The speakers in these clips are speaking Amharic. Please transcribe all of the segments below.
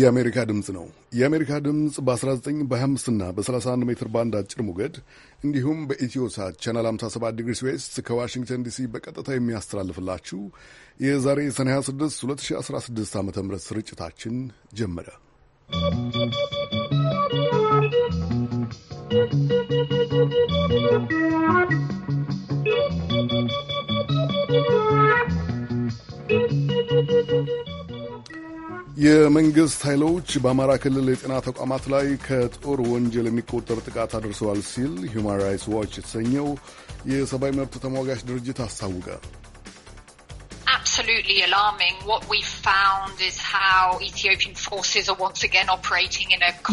የአሜሪካ ድምፅ ነው። የአሜሪካ ድምፅ በ19 25 በ31 ሜትር ባንድ አጭር ሞገድ እንዲሁም ሳት ቻናል 57 ዲግሪ ዌስት ከዋሽንግተን ዲሲ በቀጥታ የሚያስተላልፍላችሁ የዛሬ ሰኔ 26 2016 ዓ ም ስርጭታችን ጀመረ። የመንግስት ኃይሎች በአማራ ክልል የጤና ተቋማት ላይ ከጦር ወንጀል የሚቆጠር ጥቃት አድርሰዋል ሲል ሁማን ራይትስ ዋች የተሰኘው የሰብአዊ መብት ተሟጋች ድርጅት አስታወቀ።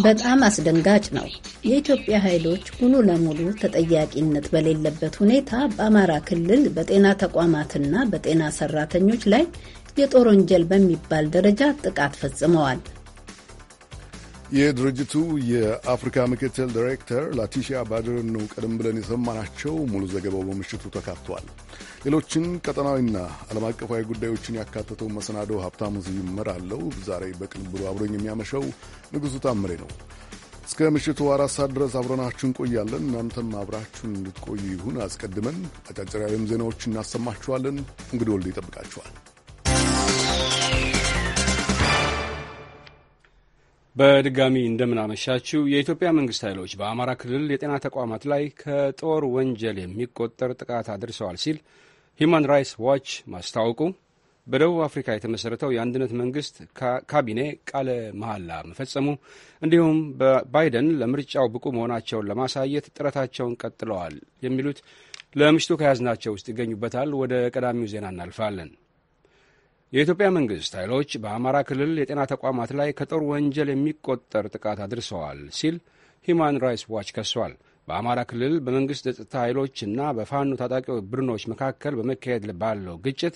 በጣም አስደንጋጭ ነው። የኢትዮጵያ ኃይሎች ሙሉ ለሙሉ ተጠያቂነት በሌለበት ሁኔታ በአማራ ክልል በጤና ተቋማትና በጤና ሰራተኞች ላይ የጦር ወንጀል በሚባል ደረጃ ጥቃት ፈጽመዋል። የድርጅቱ የአፍሪካ ምክትል ዳይሬክተር ላቲሺያ ባድርን ነው ቀደም ብለን የሰማናቸው። ሙሉ ዘገባው በምሽቱ ተካቷል። ሌሎችን ቀጠናዊና ዓለም አቀፋዊ ጉዳዮችን ያካተተው መሰናዶ ሀብታሙ ዝይመር አለው ዛሬ በቅንብሩ አብሮኝ የሚያመሸው ንጉሡ ታምሬ ነው። እስከ ምሽቱ አራት ሰዓት ድረስ አብረናችሁ እንቆያለን። እናንተም አብራችሁን እንድትቆዩ ይሁን። አስቀድመን አጫጭር የዓለም ዜናዎችን እናሰማችኋለን። እንግዲህ ወልድ ይጠብቃችኋል። በድጋሚ እንደምናመሻችው የኢትዮጵያ መንግስት ኃይሎች በአማራ ክልል የጤና ተቋማት ላይ ከጦር ወንጀል የሚቆጠር ጥቃት አድርሰዋል ሲል ሂዩማን ራይትስ ዋች ማስታወቁ፣ በደቡብ አፍሪካ የተመሠረተው የአንድነት መንግስት ካቢኔ ቃለ መሐላ መፈጸሙ፣ እንዲሁም ባይደን ለምርጫው ብቁ መሆናቸውን ለማሳየት ጥረታቸውን ቀጥለዋል የሚሉት ለምሽቱ ከያዝናቸው ውስጥ ይገኙበታል። ወደ ቀዳሚው ዜና እናልፋለን። የኢትዮጵያ መንግሥት ኃይሎች በአማራ ክልል የጤና ተቋማት ላይ ከጦር ወንጀል የሚቆጠር ጥቃት አድርሰዋል ሲል ሂማን ራይትስ ዋች ከሷል። በአማራ ክልል በመንግሥት ጸጥታ ኃይሎችና በፋኖ ታጣቂ ቡድኖች መካከል በመካሄድ ባለው ግጭት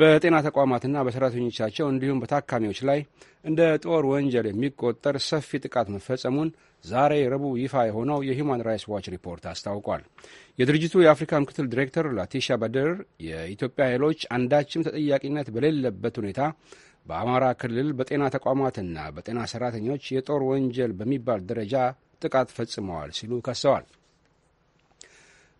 በጤና ተቋማትና በሰራተኞቻቸው እንዲሁም በታካሚዎች ላይ እንደ ጦር ወንጀል የሚቆጠር ሰፊ ጥቃት መፈጸሙን ዛሬ ረቡዕ ይፋ የሆነው የሂውማን ራይትስ ዋች ሪፖርት አስታውቋል። የድርጅቱ የአፍሪካ ምክትል ዲሬክተር ላቲሻ በድር የኢትዮጵያ ኃይሎች አንዳችም ተጠያቂነት በሌለበት ሁኔታ በአማራ ክልል በጤና ተቋማትና በጤና ሰራተኞች የጦር ወንጀል በሚባል ደረጃ ጥቃት ፈጽመዋል ሲሉ ከሰዋል።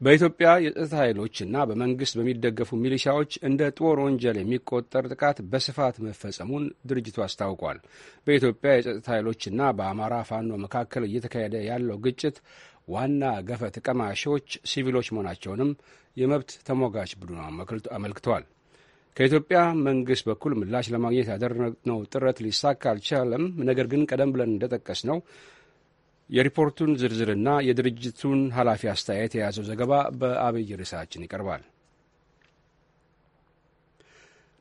በኢትዮጵያ የጸጥታ ኃይሎችና በመንግሥት በሚደገፉ ሚሊሻዎች እንደ ጦር ወንጀል የሚቆጠር ጥቃት በስፋት መፈጸሙን ድርጅቱ አስታውቋል። በኢትዮጵያ የጸጥታ ኃይሎችና በአማራ ፋኖ መካከል እየተካሄደ ያለው ግጭት ዋና ገፈት ቀማሾች ሲቪሎች መሆናቸውንም የመብት ተሟጋች ቡድኑ አመልክቷል። ከኢትዮጵያ መንግስት በኩል ምላሽ ለማግኘት ያደረግነው ጥረት ሊሳካ አልቻለም። ነገር ግን ቀደም ብለን እንደጠቀስ ነው የሪፖርቱን ዝርዝርና የድርጅቱን ኃላፊ አስተያየት የያዘው ዘገባ በአብይ ርዕሳችን ይቀርባል።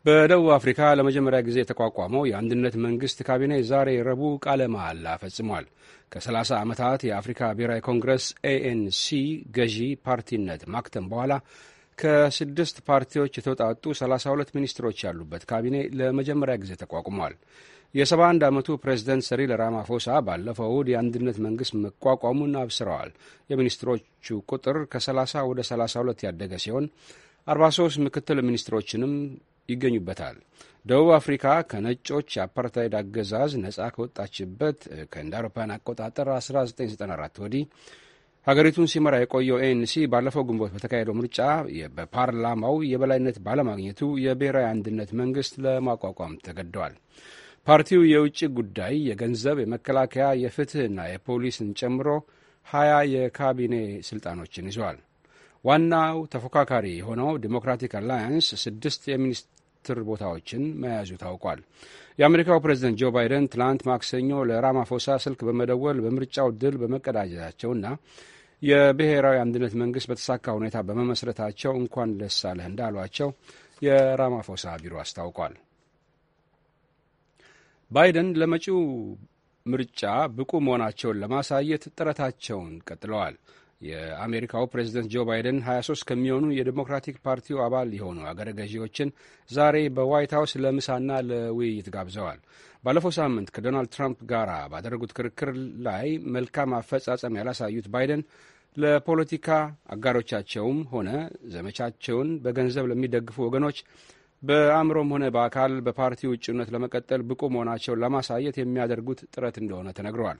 በደቡብ አፍሪካ ለመጀመሪያ ጊዜ የተቋቋመው የአንድነት መንግስት ካቢኔ ዛሬ ረቡዕ ቃለ መሐላ ፈጽሟል። ከ30 ዓመታት የአፍሪካ ብሔራዊ ኮንግረስ ኤኤንሲ ገዢ ፓርቲነት ማክተም በኋላ ከስድስት ፓርቲዎች የተውጣጡ 32 ሚኒስትሮች ያሉበት ካቢኔ ለመጀመሪያ ጊዜ ተቋቁሟል። የ71 ዓመቱ ፕሬዚደንት ሰሪል ራማፎሳ ባለፈው እሁድ የአንድነት መንግሥት መቋቋሙን አብስረዋል። የሚኒስትሮቹ ቁጥር ከ30 ወደ 32 ያደገ ሲሆን 43 ምክትል ሚኒስትሮችንም ይገኙበታል። ደቡብ አፍሪካ ከነጮች የአፓርታይድ አገዛዝ ነጻ ከወጣችበት ከእንደ አውሮፓውያን አቆጣጠር 1994 ወዲህ ሀገሪቱን ሲመራ የቆየው ኤንሲ ባለፈው ግንቦት በተካሄደው ምርጫ በፓርላማው የበላይነት ባለማግኘቱ የብሔራዊ አንድነት መንግስት ለማቋቋም ተገደዋል። ፓርቲው የውጭ ጉዳይ፣ የገንዘብ፣ የመከላከያ፣ የፍትህና የፖሊስን ጨምሮ ሀያ የካቢኔ ስልጣኖችን ይዘዋል። ዋናው ተፎካካሪ የሆነው ዲሞክራቲክ አላያንስ ስድስት የሚኒስትር ቦታዎችን መያዙ ታውቋል። የአሜሪካው ፕሬዝደንት ጆ ባይደን ትላንት ማክሰኞ ለራማፎሳ ስልክ በመደወል በምርጫው ድል በመቀዳጀታቸውና የብሔራዊ አንድነት መንግስት በተሳካ ሁኔታ በመመስረታቸው እንኳን ደስ አለህ እንዳሏቸው የራማፎሳ ቢሮ አስታውቋል። ባይደን ለመጪው ምርጫ ብቁ መሆናቸውን ለማሳየት ጥረታቸውን ቀጥለዋል። የአሜሪካው ፕሬዝደንት ጆ ባይደን 23 ከሚሆኑ የዲሞክራቲክ ፓርቲው አባል የሆኑ አገረ ገዢዎችን ዛሬ በዋይት ሀውስ ለምሳና ለውይይት ጋብዘዋል። ባለፈው ሳምንት ከዶናልድ ትራምፕ ጋር ባደረጉት ክርክር ላይ መልካም አፈጻጸም ያላሳዩት ባይደን ለፖለቲካ አጋሮቻቸውም ሆነ ዘመቻቸውን በገንዘብ ለሚደግፉ ወገኖች በአእምሮም ሆነ በአካል በፓርቲው እጩነት ለመቀጠል ብቁ መሆናቸውን ለማሳየት የሚያደርጉት ጥረት እንደሆነ ተነግረዋል።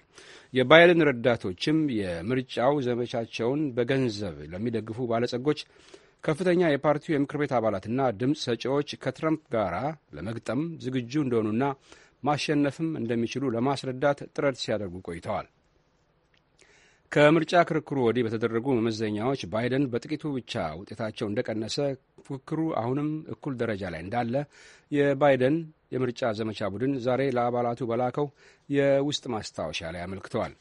የባይደን ረዳቶችም የምርጫው ዘመቻቸውን በገንዘብ ለሚደግፉ ባለጸጎች ከፍተኛ የፓርቲው የምክር ቤት አባላትና ድምፅ ሰጪዎች ከትረምፕ ጋር ለመግጠም ዝግጁ እንደሆኑና ማሸነፍም እንደሚችሉ ለማስረዳት ጥረት ሲያደርጉ ቆይተዋል። ከምርጫ ክርክሩ ወዲህ በተደረጉ መመዘኛዎች ባይደን በጥቂቱ ብቻ ውጤታቸው እንደቀነሰ፣ ፉክክሩ አሁንም እኩል ደረጃ ላይ እንዳለ የባይደን የምርጫ ዘመቻ ቡድን ዛሬ ለአባላቱ በላከው የውስጥ ማስታወሻ ላይ አመልክተዋል።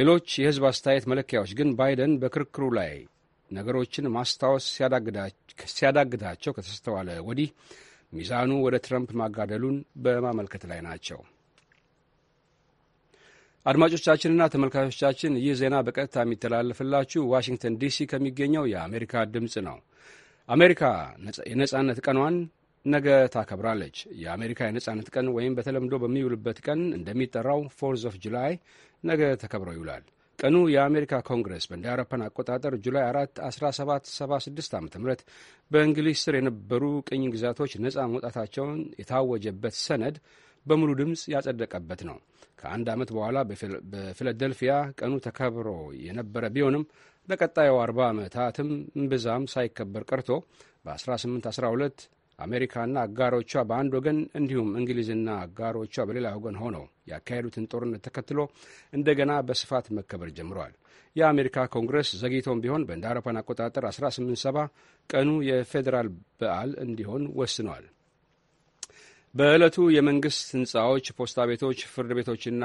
ሌሎች የህዝብ አስተያየት መለኪያዎች ግን ባይደን በክርክሩ ላይ ነገሮችን ማስታወስ ሲያዳግታቸው ከተስተዋለ ወዲህ ሚዛኑ ወደ ትረምፕ ማጋደሉን በማመልከት ላይ ናቸው። አድማጮቻችንና ተመልካቾቻችን ይህ ዜና በቀጥታ የሚተላለፍላችሁ ዋሽንግተን ዲሲ ከሚገኘው የአሜሪካ ድምፅ ነው። አሜሪካ የነጻነት ቀኗን ነገ ታከብራለች። የአሜሪካ የነጻነት ቀን ወይም በተለምዶ በሚውልበት ቀን እንደሚጠራው ፎርዝ ኦፍ ጁላይ ነገ ተከብረው ይውላል። ቀኑ የአሜሪካ ኮንግረስ በእንደ አውሮፓን አቆጣጠር ጁላይ 4 1776 ዓ ም በእንግሊዝ ስር የነበሩ ቅኝ ግዛቶች ነፃ መውጣታቸውን የታወጀበት ሰነድ በሙሉ ድምፅ ያጸደቀበት ነው። ከአንድ ዓመት በኋላ በፊላደልፊያ ቀኑ ተከብሮ የነበረ ቢሆንም ለቀጣዩ 40 ዓመታትም እምብዛም ሳይከበር ቀርቶ በ1812 አሜሪካና አጋሮቿ በአንድ ወገን እንዲሁም እንግሊዝና አጋሮቿ በሌላ ወገን ሆነው ያካሄዱትን ጦርነት ተከትሎ እንደገና በስፋት መከበር ጀምረዋል። የአሜሪካ ኮንግረስ ዘግይቶም ቢሆን በእንደ አውሮፓን አቆጣጠር 1870 ቀኑ የፌዴራል በዓል እንዲሆን ወስነዋል። በዕለቱ የመንግሥት ሕንፃዎች፣ ፖስታ ቤቶች፣ ፍርድ ቤቶችና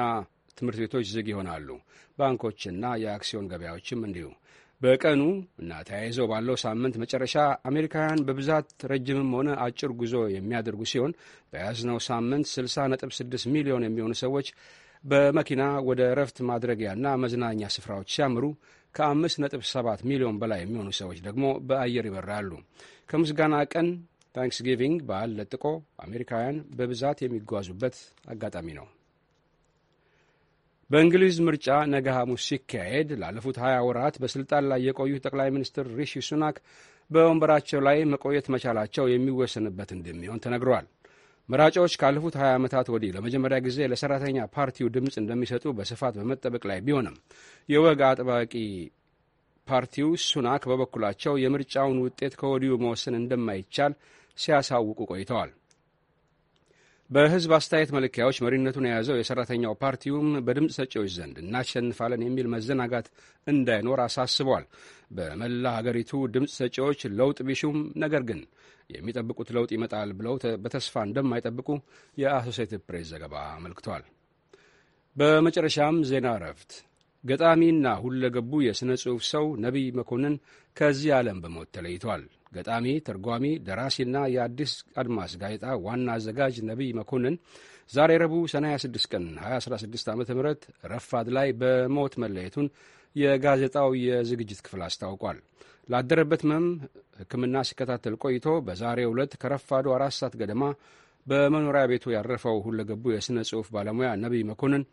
ትምህርት ቤቶች ዝግ ይሆናሉ። ባንኮችና የአክሲዮን ገበያዎችም እንዲሁም በቀኑ እና ተያይዞ ባለው ሳምንት መጨረሻ አሜሪካውያን በብዛት ረጅምም ሆነ አጭር ጉዞ የሚያደርጉ ሲሆን በያዝነው ሳምንት 60.6 ሚሊዮን የሚሆኑ ሰዎች በመኪና ወደ እረፍት ማድረጊያና መዝናኛ ስፍራዎች ሲያምሩ ከ5.7 ሚሊዮን በላይ የሚሆኑ ሰዎች ደግሞ በአየር ይበራሉ። ከምስጋና ቀን ታንክስጊቪንግ በዓል ለጥቆ አሜሪካውያን በብዛት የሚጓዙበት አጋጣሚ ነው። በእንግሊዝ ምርጫ ነገ ሐሙስ ሲካሄድ ላለፉት 20 ወራት በሥልጣን ላይ የቆዩት ጠቅላይ ሚኒስትር ሪሺ ሱናክ በወንበራቸው ላይ መቆየት መቻላቸው የሚወሰንበት እንደሚሆን ተነግሯል። መራጮች ካለፉት 20 ዓመታት ወዲህ ለመጀመሪያ ጊዜ ለሰራተኛ ፓርቲው ድምፅ እንደሚሰጡ በስፋት በመጠበቅ ላይ ቢሆንም የወግ አጥባቂ ፓርቲው ሱናክ በበኩላቸው የምርጫውን ውጤት ከወዲሁ መወሰን እንደማይቻል ሲያሳውቁ ቆይተዋል። በህዝብ አስተያየት መለኪያዎች መሪነቱን የያዘው የሰራተኛው ፓርቲውም በድምፅ ሰጪዎች ዘንድ እናሸንፋለን የሚል መዘናጋት እንዳይኖር አሳስቧል። በመላ ሀገሪቱ ድምፅ ሰጪዎች ለውጥ ቢሹም ነገር ግን የሚጠብቁት ለውጥ ይመጣል ብለው በተስፋ እንደማይጠብቁ የአሶሴትድ ፕሬስ ዘገባ አመልክቷል። በመጨረሻም ዜና እረፍት። ገጣሚና ሁለገቡ የሥነ ጽሑፍ ሰው ነቢይ መኮንን ከዚህ ዓለም በሞት ተለይቷል። ገጣሚ፣ ተርጓሚ፣ ደራሲና የአዲስ አድማስ ጋዜጣ ዋና አዘጋጅ ነቢይ መኮንን ዛሬ ረቡዕ ሰኔ 26 ቀን 2016 ዓ ም ረፋድ ላይ በሞት መለየቱን የጋዜጣው የዝግጅት ክፍል አስታውቋል። ላደረበት ህመም ሕክምና ሲከታተል ቆይቶ በዛሬው ዕለት ከረፋዱ አራት ሰዓት ገደማ በመኖሪያ ቤቱ ያረፈው ሁለገቡ የሥነ ጽሑፍ ባለሙያ ነቢይ መኮንን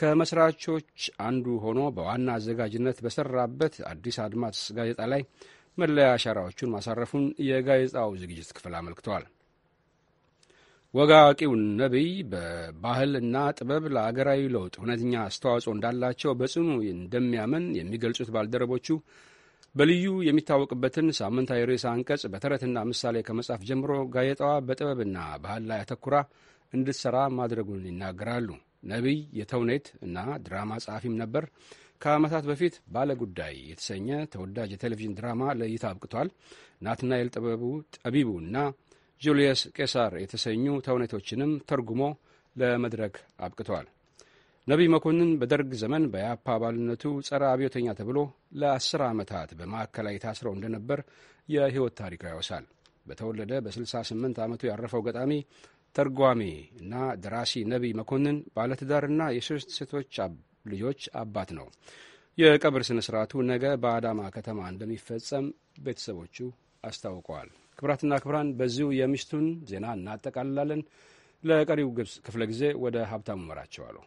ከመስራቾች አንዱ ሆኖ በዋና አዘጋጅነት በሰራበት አዲስ አድማስ ጋዜጣ ላይ መለያ አሻራዎቹን ማሳረፉን የጋዜጣው ዝግጅት ክፍል አመልክተዋል። ወግ አዋቂው ነቢይ በባህል እና ጥበብ ለአገራዊ ለውጥ እውነተኛ አስተዋጽኦ እንዳላቸው በጽኑ እንደሚያምን የሚገልጹት ባልደረቦቹ በልዩ የሚታወቅበትን ሳምንታዊ ርዕሰ አንቀጽ በተረትና ምሳሌ ከመጻፍ ጀምሮ ጋዜጣዋ በጥበብና ባህል ላይ አተኩራ እንድትሰራ ማድረጉን ይናገራሉ። ነቢይ የተውኔት እና ድራማ ጸሐፊም ነበር። ከዓመታት በፊት ባለ ጉዳይ የተሰኘ ተወዳጅ የቴሌቪዥን ድራማ ለእይታ አብቅቷል። ናትናኤል ጥበቡ እና ጁልየስ ቄሳር የተሰኙ ተውኔቶችንም ተርጉሞ ለመድረክ አብቅተዋል። ነቢይ መኮንን በደርግ ዘመን በያፓ አባልነቱ ጸረ አብዮተኛ ተብሎ ለአስር ዓመታት በማዕከላዊ ታስረው እንደነበር የሕይወት ታሪኩ ያወሳል። በተወለደ በ68 ዓመቱ ያረፈው ገጣሚ ተርጓሚ እና ደራሲ ነቢይ መኮንን ባለትዳርና የሶስት ሴቶች ልጆች አባት ነው። የቀብር ስነ ስርዓቱ ነገ በአዳማ ከተማ እንደሚፈጸም ቤተሰቦቹ አስታውቀዋል። ክብራትና ክብራን በዚሁ የምሽቱን ዜና እናጠቃልላለን። ለቀሪው ክፍለ ጊዜ ወደ ሀብታሙ መራቸዋለሁ።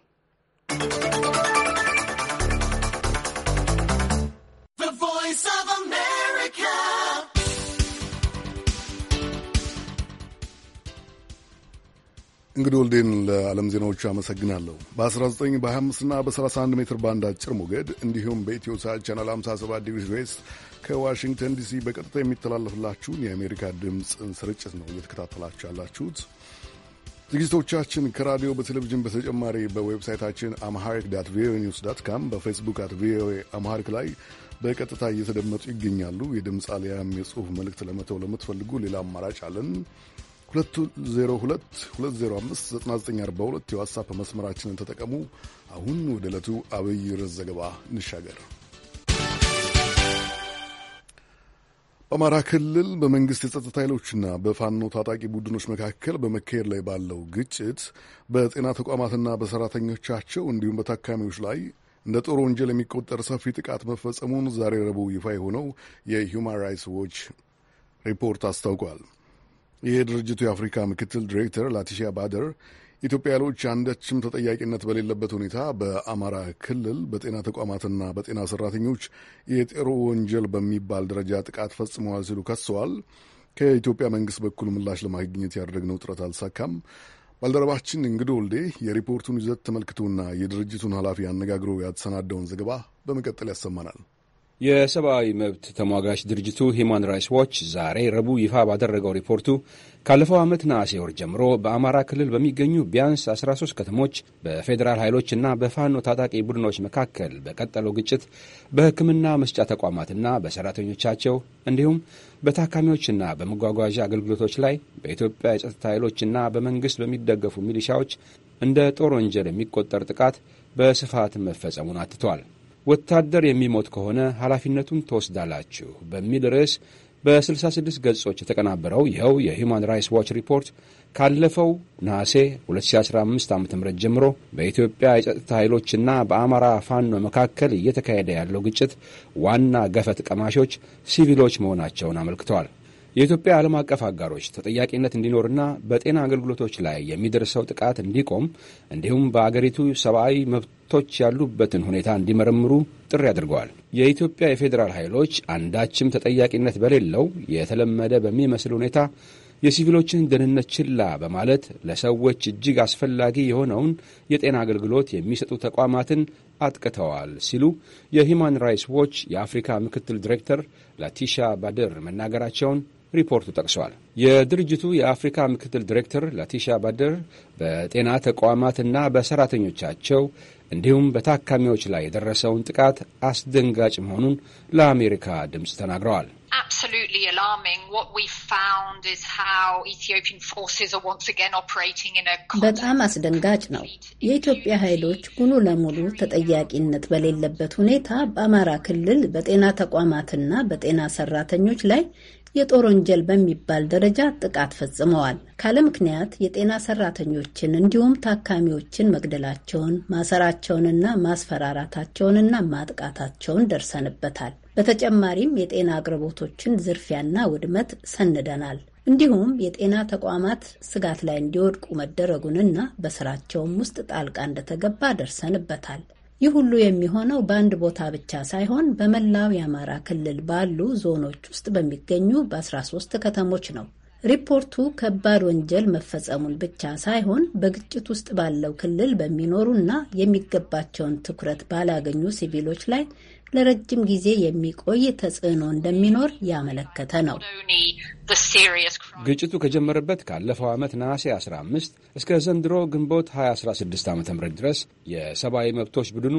እንግዲህ ወልዴን ለዓለም ዜናዎቹ አመሰግናለሁ። በ19 በ25ና በ31 ሜትር ባንድ አጭር ሞገድ እንዲሁም በኢትዮ ሳት ቻናል 57 ዲግሪ ዌስት ከዋሽንግተን ዲሲ በቀጥታ የሚተላለፍላችሁን የአሜሪካ ድምፅን ስርጭት ነው እየተከታተላችሁ ያላችሁት። ዝግጅቶቻችን ከራዲዮ በቴሌቪዥን በተጨማሪ በዌብሳይታችን አምሃሪክ ዳት ቪኦኤ ኒውስ ዳት ካም በፌስቡክ አት ቪኦኤ አምሃሪክ ላይ በቀጥታ እየተደመጡ ይገኛሉ። የድምፅ አሊያም የጽሁፍ መልእክት ለመተው ለምትፈልጉ ሌላ አማራጭ አለን። 2022059942 የዋትሳፕ መስመራችንን ተጠቀሙ። አሁን ወደ ዕለቱ አብይ ርዕስ ዘገባ እንሻገር። በአማራ ክልል በመንግስት የጸጥታ ኃይሎችና በፋኖ ታጣቂ ቡድኖች መካከል በመካሄድ ላይ ባለው ግጭት በጤና ተቋማትና በሰራተኞቻቸው እንዲሁም በታካሚዎች ላይ እንደ ጦር ወንጀል የሚቆጠር ሰፊ ጥቃት መፈጸሙን ዛሬ ረቡዕ ይፋ የሆነው የሁማን ራይትስ ዎች ሪፖርት አስታውቋል። የድርጅቱ የአፍሪካ ምክትል ዲሬክተር ላቲሺያ ባደር ኢትዮጵያ ያሎች አንዳችም ተጠያቂነት በሌለበት ሁኔታ በአማራ ክልል በጤና ተቋማትና በጤና ሰራተኞች የጤሮ ወንጀል በሚባል ደረጃ ጥቃት ፈጽመዋል ሲሉ ከሰዋል። ከኢትዮጵያ መንግስት በኩል ምላሽ ለማግኘት ያደረግነው ጥረት አልሳካም። ባልደረባችን እንግዶ ወልዴ የሪፖርቱን ይዘት ተመልክቶና የድርጅቱን ኃላፊ አነጋግሮ ያተሰናደውን ዘገባ በመቀጠል ያሰማናል። የሰብአዊ መብት ተሟጋች ድርጅቱ ሂማን ራይትስ ዎች ዛሬ ረቡዕ ይፋ ባደረገው ሪፖርቱ ካለፈው ዓመት ነሐሴ ወር ጀምሮ በአማራ ክልል በሚገኙ ቢያንስ 13 ከተሞች በፌዴራል ኃይሎችና በፋኖ ታጣቂ ቡድኖች መካከል በቀጠለው ግጭት በሕክምና መስጫ ተቋማትና በሠራተኞቻቸው እንዲሁም በታካሚዎችና በመጓጓዣ አገልግሎቶች ላይ በኢትዮጵያ የጸጥታ ኃይሎችና በመንግሥት በሚደገፉ ሚሊሻዎች እንደ ጦር ወንጀል የሚቆጠር ጥቃት በስፋት መፈጸሙን አትቷል። ወታደር የሚሞት ከሆነ ኃላፊነቱን ትወስዳላችሁ በሚል ርዕስ በ66 ገጾች የተቀናበረው ይኸው የሁማን ራይትስ ዋች ሪፖርት ካለፈው ነሐሴ 2015 ዓ ም ጀምሮ በኢትዮጵያ የጸጥታ ኃይሎችና በአማራ ፋኖ መካከል እየተካሄደ ያለው ግጭት ዋና ገፈት ቀማሾች ሲቪሎች መሆናቸውን አመልክተዋል። የኢትዮጵያ ዓለም አቀፍ አጋሮች ተጠያቂነት እንዲኖርና በጤና አገልግሎቶች ላይ የሚደርሰው ጥቃት እንዲቆም እንዲሁም በአገሪቱ ሰብአዊ መብቶች ያሉበትን ሁኔታ እንዲመረምሩ ጥሪ አድርገዋል። የኢትዮጵያ የፌዴራል ኃይሎች አንዳችም ተጠያቂነት በሌለው የተለመደ በሚመስል ሁኔታ የሲቪሎችን ደህንነት ችላ በማለት ለሰዎች እጅግ አስፈላጊ የሆነውን የጤና አገልግሎት የሚሰጡ ተቋማትን አጥቅተዋል ሲሉ የሂማን ራይትስ ዎች የአፍሪካ ምክትል ዲሬክተር ላቲሻ ባደር መናገራቸውን ሪፖርቱ ጠቅሷል። የድርጅቱ የአፍሪካ ምክትል ዲሬክተር ላቲሻ ባደር በጤና ተቋማትና በሰራተኞቻቸው እንዲሁም በታካሚዎች ላይ የደረሰውን ጥቃት አስደንጋጭ መሆኑን ለአሜሪካ ድምፅ ተናግረዋል። በጣም አስደንጋጭ ነው። የኢትዮጵያ ኃይሎች ሙሉ ለሙሉ ተጠያቂነት በሌለበት ሁኔታ በአማራ ክልል በጤና ተቋማትና በጤና ሰራተኞች ላይ የጦር ወንጀል በሚባል ደረጃ ጥቃት ፈጽመዋል። ካለ ምክንያት የጤና ሰራተኞችን እንዲሁም ታካሚዎችን መግደላቸውን፣ ማሰራቸውንና ማስፈራራታቸውንና ማጥቃታቸውን ደርሰንበታል። በተጨማሪም የጤና አቅርቦቶችን ዝርፊያና ውድመት ሰንደናል። እንዲሁም የጤና ተቋማት ስጋት ላይ እንዲወድቁ መደረጉንና በስራቸውም ውስጥ ጣልቃ እንደተገባ ደርሰንበታል። ይህ ሁሉ የሚሆነው በአንድ ቦታ ብቻ ሳይሆን በመላው የአማራ ክልል ባሉ ዞኖች ውስጥ በሚገኙ በ13 ከተሞች ነው። ሪፖርቱ ከባድ ወንጀል መፈጸሙን ብቻ ሳይሆን በግጭት ውስጥ ባለው ክልል በሚኖሩና የሚገባቸውን ትኩረት ባላገኙ ሲቪሎች ላይ ለረጅም ጊዜ የሚቆይ ተጽዕኖ እንደሚኖር ያመለከተ ነው። ግጭቱ ከጀመረበት ካለፈው ዓመት ነሐሴ 15 እስከ ዘንድሮ ግንቦት 2016 ዓ ም ድረስ የሰብአዊ መብቶች ቡድኑ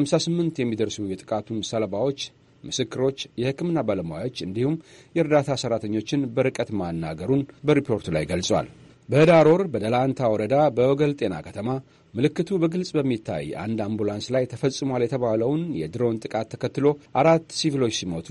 58 የሚደርሱ የጥቃቱን ሰለባዎች ምስክሮች፣ የሕክምና ባለሙያዎች እንዲሁም የእርዳታ ሠራተኞችን በርቀት ማናገሩን በሪፖርቱ ላይ ገልጿል። በህዳር ወር በደላንታ ወረዳ በወገል ጤና ከተማ ምልክቱ በግልጽ በሚታይ አንድ አምቡላንስ ላይ ተፈጽሟል የተባለውን የድሮን ጥቃት ተከትሎ አራት ሲቪሎች ሲሞቱ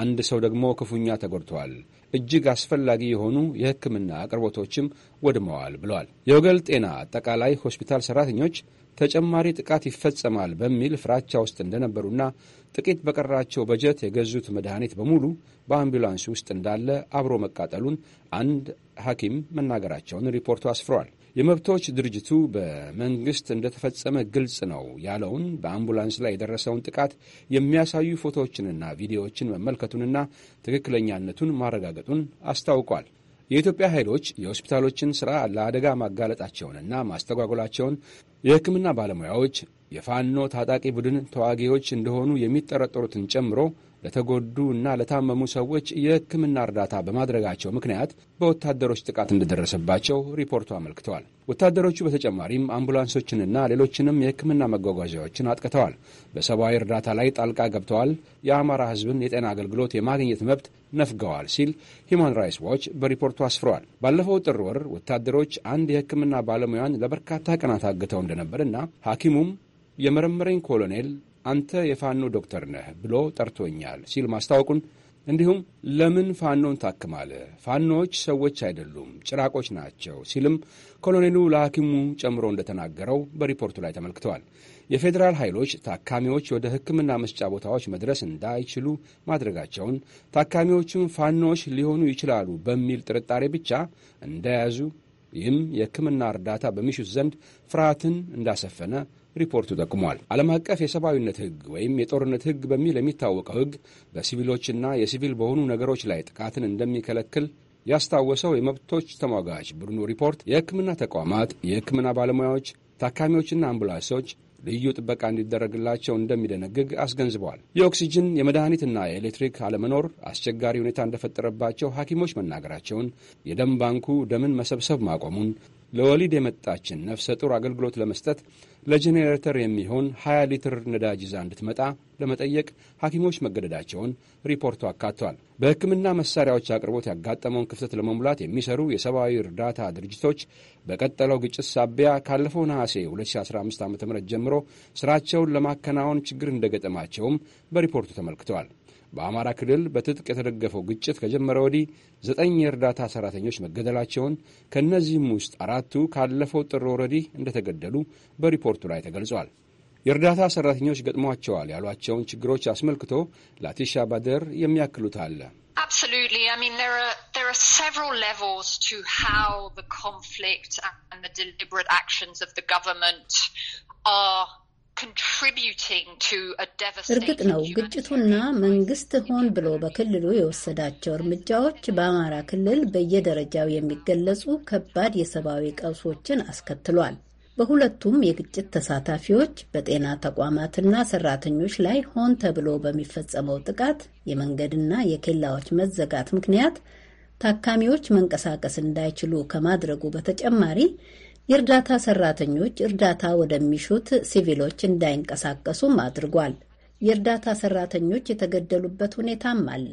አንድ ሰው ደግሞ ክፉኛ ተጎድተዋል። እጅግ አስፈላጊ የሆኑ የሕክምና አቅርቦቶችም ወድመዋል ብለዋል። የወገል ጤና አጠቃላይ ሆስፒታል ሠራተኞች ተጨማሪ ጥቃት ይፈጸማል በሚል ፍራቻ ውስጥ እንደነበሩና ጥቂት በቀራቸው በጀት የገዙት መድኃኒት በሙሉ በአምቡላንስ ውስጥ እንዳለ አብሮ መቃጠሉን አንድ ሐኪም መናገራቸውን ሪፖርቱ አስፍሯል። የመብቶች ድርጅቱ በመንግሥት እንደተፈጸመ ግልጽ ነው ያለውን በአምቡላንስ ላይ የደረሰውን ጥቃት የሚያሳዩ ፎቶዎችንና ቪዲዮዎችን መመልከቱንና ትክክለኛነቱን ማረጋገጡን አስታውቋል። የኢትዮጵያ ኃይሎች የሆስፒታሎችን ሥራ ለአደጋ ማጋለጣቸውንና ማስተጓጎላቸውን የሕክምና ባለሙያዎች የፋኖ ታጣቂ ቡድን ተዋጊዎች እንደሆኑ የሚጠረጠሩትን ጨምሮ ለተጎዱ እና ለታመሙ ሰዎች የሕክምና እርዳታ በማድረጋቸው ምክንያት በወታደሮች ጥቃት እንደደረሰባቸው ሪፖርቱ አመልክተዋል። ወታደሮቹ በተጨማሪም አምቡላንሶችንና ሌሎችንም የሕክምና መጓጓዣዎችን አጥቅተዋል፣ በሰብአዊ እርዳታ ላይ ጣልቃ ገብተዋል፣ የአማራ ሕዝብን የጤና አገልግሎት የማግኘት መብት ነፍገዋል ሲል ሂማን ራይትስ ዋች በሪፖርቱ አስፍረዋል። ባለፈው ጥር ወር ወታደሮች አንድ የሕክምና ባለሙያን ለበርካታ ቀናት አግተው እንደነበርና ሐኪሙም የመረመረኝ ኮሎኔል አንተ የፋኖ ዶክተር ነህ ብሎ ጠርቶኛል ሲል ማስታወቁን እንዲሁም ለምን ፋኖን ታክማለ? ፋኖዎች ሰዎች አይደሉም፣ ጭራቆች ናቸው ሲልም ኮሎኔሉ ለሐኪሙ ጨምሮ እንደተናገረው በሪፖርቱ ላይ ተመልክተዋል። የፌዴራል ኃይሎች ታካሚዎች ወደ ሕክምና መስጫ ቦታዎች መድረስ እንዳይችሉ ማድረጋቸውን፣ ታካሚዎቹም ፋኖዎች ሊሆኑ ይችላሉ በሚል ጥርጣሬ ብቻ እንደያዙ፣ ይህም የሕክምና እርዳታ በሚሹት ዘንድ ፍርሃትን እንዳሰፈነ ሪፖርቱ ጠቁሟል። ዓለም አቀፍ የሰብአዊነት ሕግ ወይም የጦርነት ሕግ በሚል የሚታወቀው ሕግ በሲቪሎችና የሲቪል በሆኑ ነገሮች ላይ ጥቃትን እንደሚከለክል ያስታወሰው የመብቶች ተሟጋች ቡድኑ ሪፖርት የህክምና ተቋማት፣ የሕክምና ባለሙያዎች፣ ታካሚዎችና አምቡላንሶች ልዩ ጥበቃ እንዲደረግላቸው እንደሚደነግግ አስገንዝበዋል። የኦክሲጅን የመድኃኒትና የኤሌክትሪክ አለመኖር አስቸጋሪ ሁኔታ እንደፈጠረባቸው ሐኪሞች መናገራቸውን፣ የደም ባንኩ ደምን መሰብሰብ ማቆሙን፣ ለወሊድ የመጣችን ነፍሰ ጡር አገልግሎት ለመስጠት ለጄኔሬተር የሚሆን 20 ሊትር ነዳጅ ይዛ እንድትመጣ ለመጠየቅ ሐኪሞች መገደዳቸውን ሪፖርቱ አካቷል። በሕክምና መሣሪያዎች አቅርቦት ያጋጠመውን ክፍተት ለመሙላት የሚሰሩ የሰብአዊ እርዳታ ድርጅቶች በቀጠለው ግጭት ሳቢያ ካለፈው ነሐሴ 2015 ዓ ም ጀምሮ ሥራቸውን ለማከናወን ችግር እንደገጠማቸውም በሪፖርቱ ተመልክተዋል። በአማራ ክልል በትጥቅ የተደገፈው ግጭት ከጀመረ ወዲህ ዘጠኝ የእርዳታ ሰራተኞች መገደላቸውን ከእነዚህም ውስጥ አራቱ ካለፈው ጥር ወዲህ እንደተገደሉ በሪፖርቱ ላይ ተገልጿል። የእርዳታ ሰራተኞች ገጥሟቸዋል ያሏቸውን ችግሮች አስመልክቶ ላቲሻ ባደር የሚያክሉት አለ። አብሶሉትሊ እርግጥ ነው ግጭቱና መንግስት ሆን ብሎ በክልሉ የወሰዳቸው እርምጃዎች በአማራ ክልል በየደረጃው የሚገለጹ ከባድ የሰብአዊ ቀውሶችን አስከትሏል። በሁለቱም የግጭት ተሳታፊዎች በጤና ተቋማትና ሰራተኞች ላይ ሆን ተብሎ በሚፈጸመው ጥቃት፣ የመንገድና የኬላዎች መዘጋት ምክንያት ታካሚዎች መንቀሳቀስ እንዳይችሉ ከማድረጉ በተጨማሪ የእርዳታ ሰራተኞች እርዳታ ወደሚሹት ሲቪሎች እንዳይንቀሳቀሱም አድርጓል። የእርዳታ ሰራተኞች የተገደሉበት ሁኔታም አለ።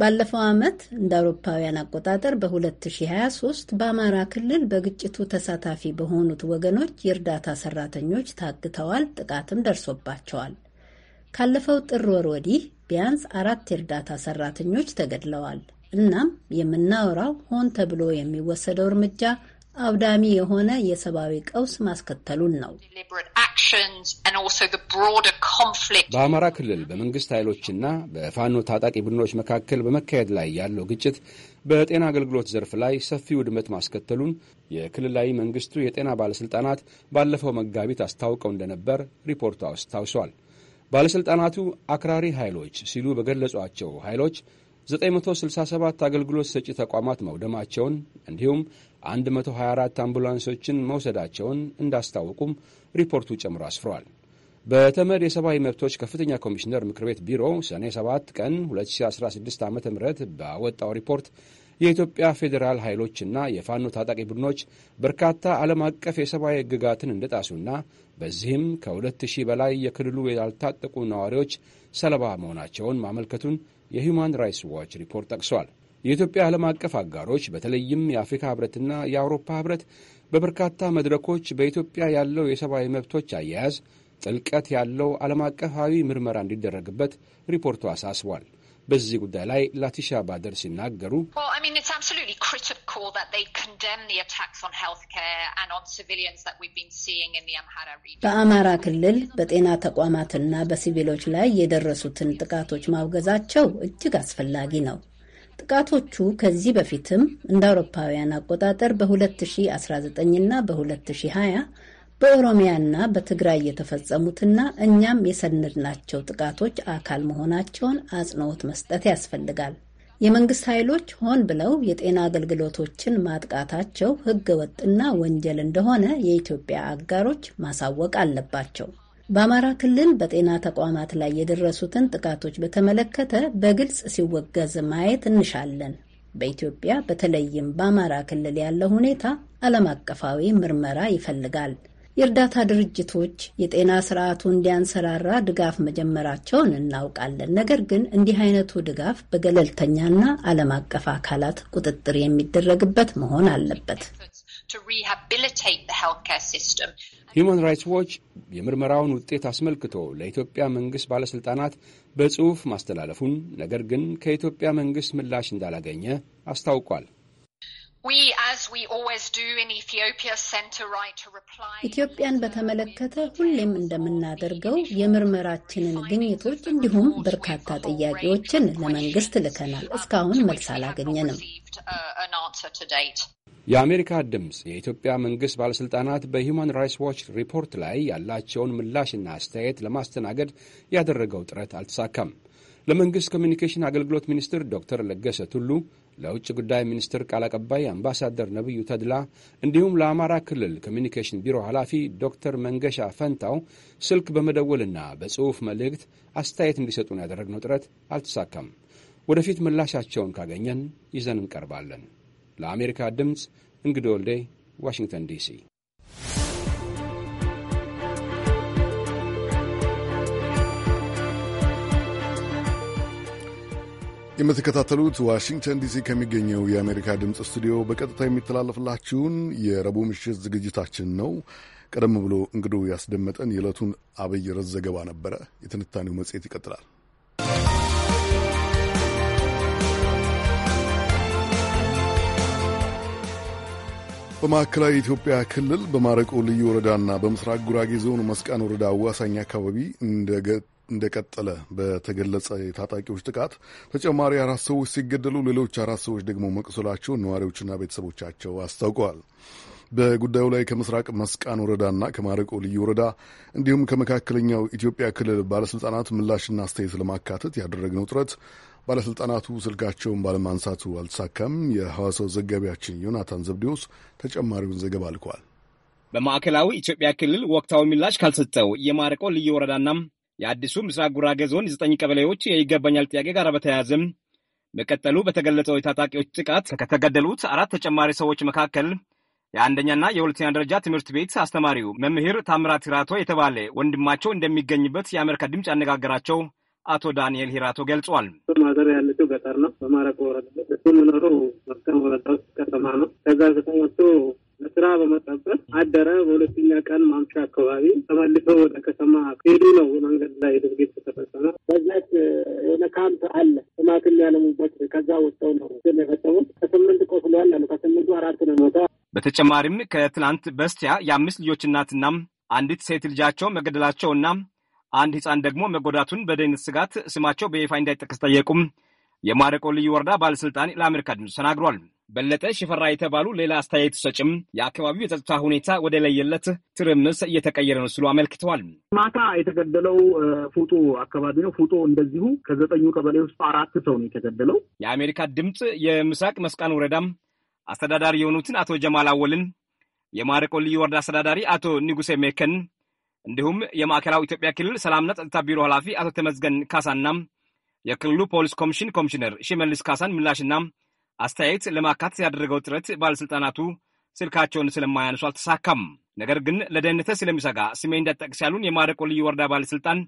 ባለፈው ዓመት እንደ አውሮፓውያን አቆጣጠር በ2023 በአማራ ክልል በግጭቱ ተሳታፊ በሆኑት ወገኖች የእርዳታ ሰራተኞች ታግተዋል፣ ጥቃትም ደርሶባቸዋል። ካለፈው ጥር ወር ወዲህ ቢያንስ አራት የእርዳታ ሰራተኞች ተገድለዋል። እናም የምናወራው ሆን ተብሎ የሚወሰደው እርምጃ አውዳሚ የሆነ የሰብአዊ ቀውስ ማስከተሉን ነው። በአማራ ክልል በመንግስት ኃይሎችና በፋኖ ታጣቂ ቡድኖች መካከል በመካሄድ ላይ ያለው ግጭት በጤና አገልግሎት ዘርፍ ላይ ሰፊ ውድመት ማስከተሉን የክልላዊ መንግስቱ የጤና ባለሥልጣናት ባለፈው መጋቢት አስታውቀው እንደነበር ሪፖርቱ አስታውሷል። ባለሥልጣናቱ አክራሪ ኃይሎች ሲሉ በገለጿቸው ኃይሎች 967 አገልግሎት ሰጪ ተቋማት መውደማቸውን እንዲሁም 124 አምቡላንሶችን መውሰዳቸውን እንዳስታወቁም ሪፖርቱ ጨምሮ አስፍሯል። በተመድ የሰብአዊ መብቶች ከፍተኛ ኮሚሽነር ምክር ቤት ቢሮ ሰኔ 7 ቀን 2016 ዓ ም ባወጣው ሪፖርት የኢትዮጵያ ፌዴራል ኃይሎችና የፋኖ ታጣቂ ቡድኖች በርካታ ዓለም አቀፍ የሰብአዊ ሕግጋትን እንደጣሱና በዚህም ከ2 በላይ የክልሉ ያልታጠቁ ነዋሪዎች ሰለባ መሆናቸውን ማመልከቱን የሂዩማን ራይትስ ዋች ሪፖርት ጠቅሷል። የኢትዮጵያ ዓለም አቀፍ አጋሮች በተለይም የአፍሪካ ህብረትና የአውሮፓ ህብረት በበርካታ መድረኮች በኢትዮጵያ ያለው የሰብአዊ መብቶች አያያዝ ጥልቀት ያለው ዓለም አቀፋዊ ምርመራ እንዲደረግበት ሪፖርቱ አሳስቧል። በዚህ ጉዳይ ላይ ላቲሻ ባደር ሲናገሩ በአማራ ክልል በጤና ተቋማትና በሲቪሎች ላይ የደረሱትን ጥቃቶች ማውገዛቸው እጅግ አስፈላጊ ነው። ጥቃቶቹ ከዚህ በፊትም እንደ አውሮፓውያን አቆጣጠር በ2019 እና በ2020 በኦሮሚያና በትግራይ የተፈጸሙትና እኛም የሰነድናቸው ጥቃቶች አካል መሆናቸውን አጽንኦት መስጠት ያስፈልጋል። የመንግስት ኃይሎች ሆን ብለው የጤና አገልግሎቶችን ማጥቃታቸው ህገ ወጥና ወንጀል እንደሆነ የኢትዮጵያ አጋሮች ማሳወቅ አለባቸው። በአማራ ክልል በጤና ተቋማት ላይ የደረሱትን ጥቃቶች በተመለከተ በግልጽ ሲወገዝ ማየት እንሻለን። በኢትዮጵያ በተለይም በአማራ ክልል ያለው ሁኔታ ዓለም አቀፋዊ ምርመራ ይፈልጋል። የእርዳታ ድርጅቶች የጤና ስርዓቱ እንዲያንሰራራ ድጋፍ መጀመራቸውን እናውቃለን። ነገር ግን እንዲህ አይነቱ ድጋፍ በገለልተኛና ዓለም አቀፍ አካላት ቁጥጥር የሚደረግበት መሆን አለበት። ሂውማን ራይትስ ዎች የምርመራውን ውጤት አስመልክቶ ለኢትዮጵያ መንግሥት ባለሥልጣናት በጽሑፍ ማስተላለፉን ነገር ግን ከኢትዮጵያ መንግሥት ምላሽ እንዳላገኘ አስታውቋል። ኢትዮጵያን በተመለከተ ሁሌም እንደምናደርገው የምርመራችንን ግኝቶች እንዲሁም በርካታ ጥያቄዎችን ለመንግስት ልከናል። uh, እስካሁን መልስ አላገኘንም። uh, የአሜሪካ ድምፅ የኢትዮጵያ መንግስት ባለሥልጣናት በሂውማን ራይትስ ዋች ሪፖርት ላይ ያላቸውን ምላሽና አስተያየት ለማስተናገድ ያደረገው ጥረት አልተሳካም። ለመንግስት ኮሚኒኬሽን አገልግሎት ሚኒስትር ዶክተር ለገሰ ቱሉ ለውጭ ጉዳይ ሚኒስትር ቃል አቀባይ አምባሳደር ነቢዩ ተድላ እንዲሁም ለአማራ ክልል ኮሚኒኬሽን ቢሮ ኃላፊ ዶክተር መንገሻ ፈንታው ስልክ በመደወልና በጽሑፍ መልእክት አስተያየት እንዲሰጡን ያደረግነው ጥረት አልተሳካም። ወደፊት ምላሻቸውን ካገኘን ይዘን እንቀርባለን። ለአሜሪካ ድምፅ እንግዳ ወልዴ ዋሽንግተን ዲሲ የምትከታተሉት ዋሽንግተን ዲሲ ከሚገኘው የአሜሪካ ድምፅ ስቱዲዮ በቀጥታ የሚተላለፍላችሁን የረቡዕ ምሽት ዝግጅታችን ነው። ቀደም ብሎ እንግዶ ያስደመጠን የዕለቱን አብይ ርዕስ ዘገባ ነበረ። የትንታኔው መጽሔት ይቀጥላል። በማዕከላዊ ኢትዮጵያ ክልል በማረቆ ልዩ ወረዳና በምስራቅ ጉራጌ ዞን መስቃን ወረዳ አዋሳኝ አካባቢ እንደ እንደቀጠለ በተገለጸ የታጣቂዎች ጥቃት ተጨማሪ አራት ሰዎች ሲገደሉ ሌሎች አራት ሰዎች ደግሞ መቁሰላቸውን ነዋሪዎችና ቤተሰቦቻቸው አስታውቀዋል። በጉዳዩ ላይ ከምስራቅ መስቃን ወረዳና ከማረቆ ልዩ ወረዳ እንዲሁም ከመካከለኛው ኢትዮጵያ ክልል ባለስልጣናት ምላሽና አስተያየት ለማካተት ያደረግነው ጥረት ባለስልጣናቱ ስልካቸውን ባለማንሳቱ አልተሳካም። የሐዋሳው ዘጋቢያችን ዮናታን ዘብዴዎስ ተጨማሪውን ዘገባ አልከዋል። በማዕከላዊ ኢትዮጵያ ክልል ወቅታዊ ምላሽ ካልሰጠው የማረቆ ልዩ ወረዳና የአዲሱ ምስራቅ ጉራጌ ዞን ዘጠኝ ቀበሌዎች የይገባኛል ጥያቄ ጋር በተያያዘም መቀጠሉ በተገለጸው የታጣቂዎች ጥቃት ከተገደሉት አራት ተጨማሪ ሰዎች መካከል የአንደኛና የሁለተኛ ደረጃ ትምህርት ቤት አስተማሪው መምህር ታምራት ሂራቶ የተባለ ወንድማቸው እንደሚገኝበት የአሜሪካ ድምፅ ያነጋገራቸው አቶ ዳንኤል ሂራቶ ገልጿል። ማዘር ያለችው ገጠር ነው። በማረቆ ወረዳ እሱ ምኖሩ መርቀም ወረዳ ውስጥ ከተማ ነው። ከዛ ዘጠኞቹ ስራ በመጣበት አደረ። በሁለተኛ ቀን ማምሻ አካባቢ ተመልሰው ወደ ከተማ ሄዱ ነው። መንገድ ላይ ድርጊት ተፈጸመ። በዛት የሆነ ካምፕ አለ ጥማትን ያለሙበት ከዛ ወጥተው ነው የፈጸሙት። ከስምንት ቆስለዋል አሉ። ከስምንቱ አራት ነው ሞተ። በተጨማሪም ከትናንት በስቲያ የአምስት ልጆች እናትና አንዲት ሴት ልጃቸው መገደላቸውና አንድ ህፃን ደግሞ መጎዳቱን በደህንነት ስጋት ስማቸው በይፋ እንዳይጠቀስ ጠየቁም የማረቆ ልዩ ወረዳ ባለስልጣን ለአሜሪካ ድምፅ ተናግሯል። በለጠ ሽፈራ የተባሉ ሌላ አስተያየት ሰጭም የአካባቢው የጸጥታ ሁኔታ ወደ ለየለት ትርምስ እየተቀየረ ነው ሲሉ አመልክተዋል። ማታ የተገደለው ፉጦ አካባቢ ነው። ፉጦ እንደዚሁ ከዘጠኙ ቀበሌ ውስጥ አራት ሰው ነው የተገደለው። የአሜሪካ ድምፅ የምስራቅ መስቃን ወረዳም አስተዳዳሪ የሆኑትን አቶ ጀማል አወልን፣ የማረቆ ልዩ ወረዳ አስተዳዳሪ አቶ ንጉሴ ሜከን እንዲሁም የማዕከላዊ ኢትዮጵያ ክልል ሰላምና ጸጥታ ቢሮ ኃላፊ አቶ ተመዝገን ካሳና የክልሉ ፖሊስ ኮሚሽን ኮሚሽነር ሽመልስ ካሳን ምላሽና አስተያየት ለማካት ያደረገው ጥረት ባለሥልጣናቱ ስልካቸውን ስለማያነሱ አልተሳካም። ነገር ግን ለደህንነት ስለሚሰጋ ስሜ እንዳጠቅስ ያሉን የማረቆ ልዩ ወረዳ ባለሥልጣን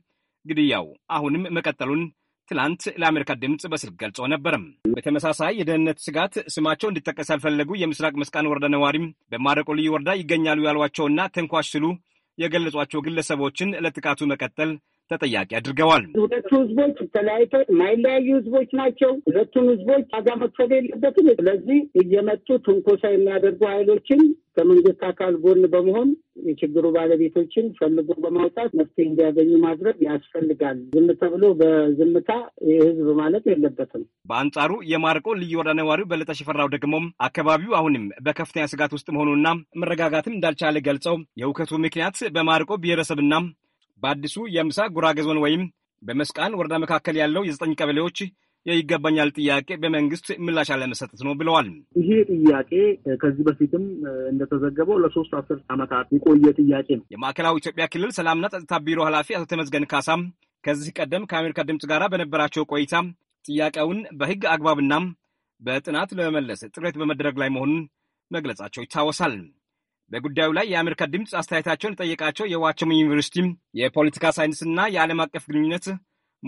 ግድያው አሁንም መቀጠሉን ትላንት ለአሜሪካ ድምፅ በስልክ ገልጾ ነበርም። በተመሳሳይ የደህንነት ስጋት ስማቸው እንዲጠቀስ ያልፈለጉ የምስራቅ መስቃን ወረዳ ነዋሪም በማረቆ ልዩ ወረዳ ይገኛሉ ያሏቸውና ተንኳሽ ሲሉ የገለጿቸው ግለሰቦችን ለጥቃቱ መቀጠል ተጠያቂ አድርገዋል። ሁለቱ ህዝቦች ተለያይተው የማይለያዩ ህዝቦች ናቸው። ሁለቱም ህዝቦች ዋጋ መክፈል የለበትም። ስለዚህ እየመጡ ትንኮሳ የሚያደርጉ ኃይሎችን ከመንግስት አካል ጎን በመሆን የችግሩ ባለቤቶችን ፈልጎ በማውጣት መፍትሄ እንዲያገኙ ማድረግ ያስፈልጋል። ዝም ተብሎ በዝምታ የህዝብ ማለት የለበትም። በአንጻሩ የማርቆ ልዩ ወረዳ ነዋሪው በለጠ ሽፈራው ደግሞ አካባቢው አሁንም በከፍተኛ ስጋት ውስጥ መሆኑና መረጋጋትም እንዳልቻለ ገልጸው የእውከቱ ምክንያት በማርቆ ብሔረሰብና በአዲሱ የምሳ ጉራጌ ዞን ወይም በመስቃን ወረዳ መካከል ያለው የዘጠኝ ቀበሌዎች የይገባኛል ጥያቄ በመንግስት ምላሽ አለመሰጠት ነው ብለዋል። ይሄ ጥያቄ ከዚህ በፊትም እንደተዘገበው ለሶስት አስር ዓመታት የቆየ ጥያቄ ነው። የማዕከላዊ ኢትዮጵያ ክልል ሰላምና ጸጥታ ቢሮ ኃላፊ አቶ ተመዝገን ካሳ ከዚህ ቀደም ከአሜሪካ ድምፅ ጋር በነበራቸው ቆይታ ጥያቄውን በህግ አግባብና በጥናት ለመመለስ ጥረት በመደረግ ላይ መሆኑን መግለጻቸው ይታወሳል። በጉዳዩ ላይ የአሜሪካ ድምፅ አስተያየታቸውን የጠየቃቸው የዋቸሞ ዩኒቨርሲቲ የፖለቲካ ሳይንስና የዓለም አቀፍ ግንኙነት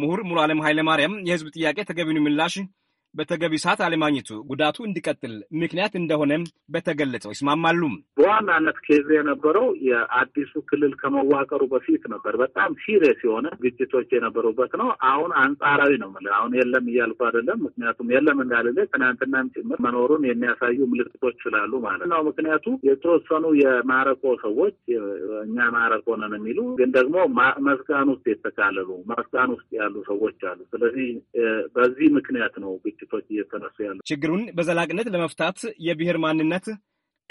ምሁር ሙሉ ዓለም ኃይለማርያም የህዝብ ጥያቄ ተገቢውን ምላሽ በተገቢ ሰዓት አለማግኘቱ ጉዳቱ እንዲቀጥል ምክንያት እንደሆነም በተገለጸው ይስማማሉ። በዋናነት ኬዝ የነበረው የአዲሱ ክልል ከመዋቀሩ በፊት ነበር። በጣም ሲሪየስ የሆነ ግጭቶች የነበሩበት ነው። አሁን አንጻራዊ ነው። አሁን የለም እያልኩ አይደለም። ምክንያቱም የለም እንዳልል ትናንትናም ጭምር መኖሩን የሚያሳዩ ምልክቶች ስላሉ ማለት ነው። ምክንያቱ የተወሰኑ የማረቆ ሰዎች እኛ ማረቆ ነን የሚሉ ግን ደግሞ መስጋን ውስጥ የተካለሉ መስጋን ውስጥ ያሉ ሰዎች አሉ። ስለዚህ በዚህ ምክንያት ነው ግጭ ግጭቶች እየተነሱ ያሉ። ችግሩን በዘላቅነት ለመፍታት የብሔር ማንነት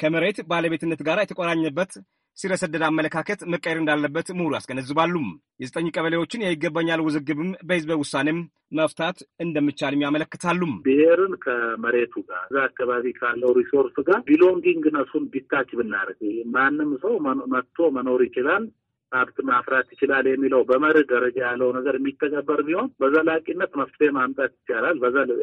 ከመሬት ባለቤትነት ጋር የተቆራኘበት ሲረሰደድ አመለካከት መቀየር እንዳለበት ምሁሩ ያስገነዝባሉም። የዘጠኝ ቀበሌዎችን የይገባኛል ውዝግብም በህዝበ ውሳኔም መፍታት እንደሚቻልም ያመለክታሉም። ብሔርን ከመሬቱ ጋር እዛ አካባቢ ካለው ሪሶርስ ጋር ቢሎንጊንግ ነሱን ቢታች ብናደርግ ማንም ሰው መጥቶ መኖር ይችላል። ሀብት ማፍራት ይችላል የሚለው በመርህ ደረጃ ያለው ነገር የሚተገበር ቢሆን በዘላቂነት መፍትሄ ማምጣት ይቻላል።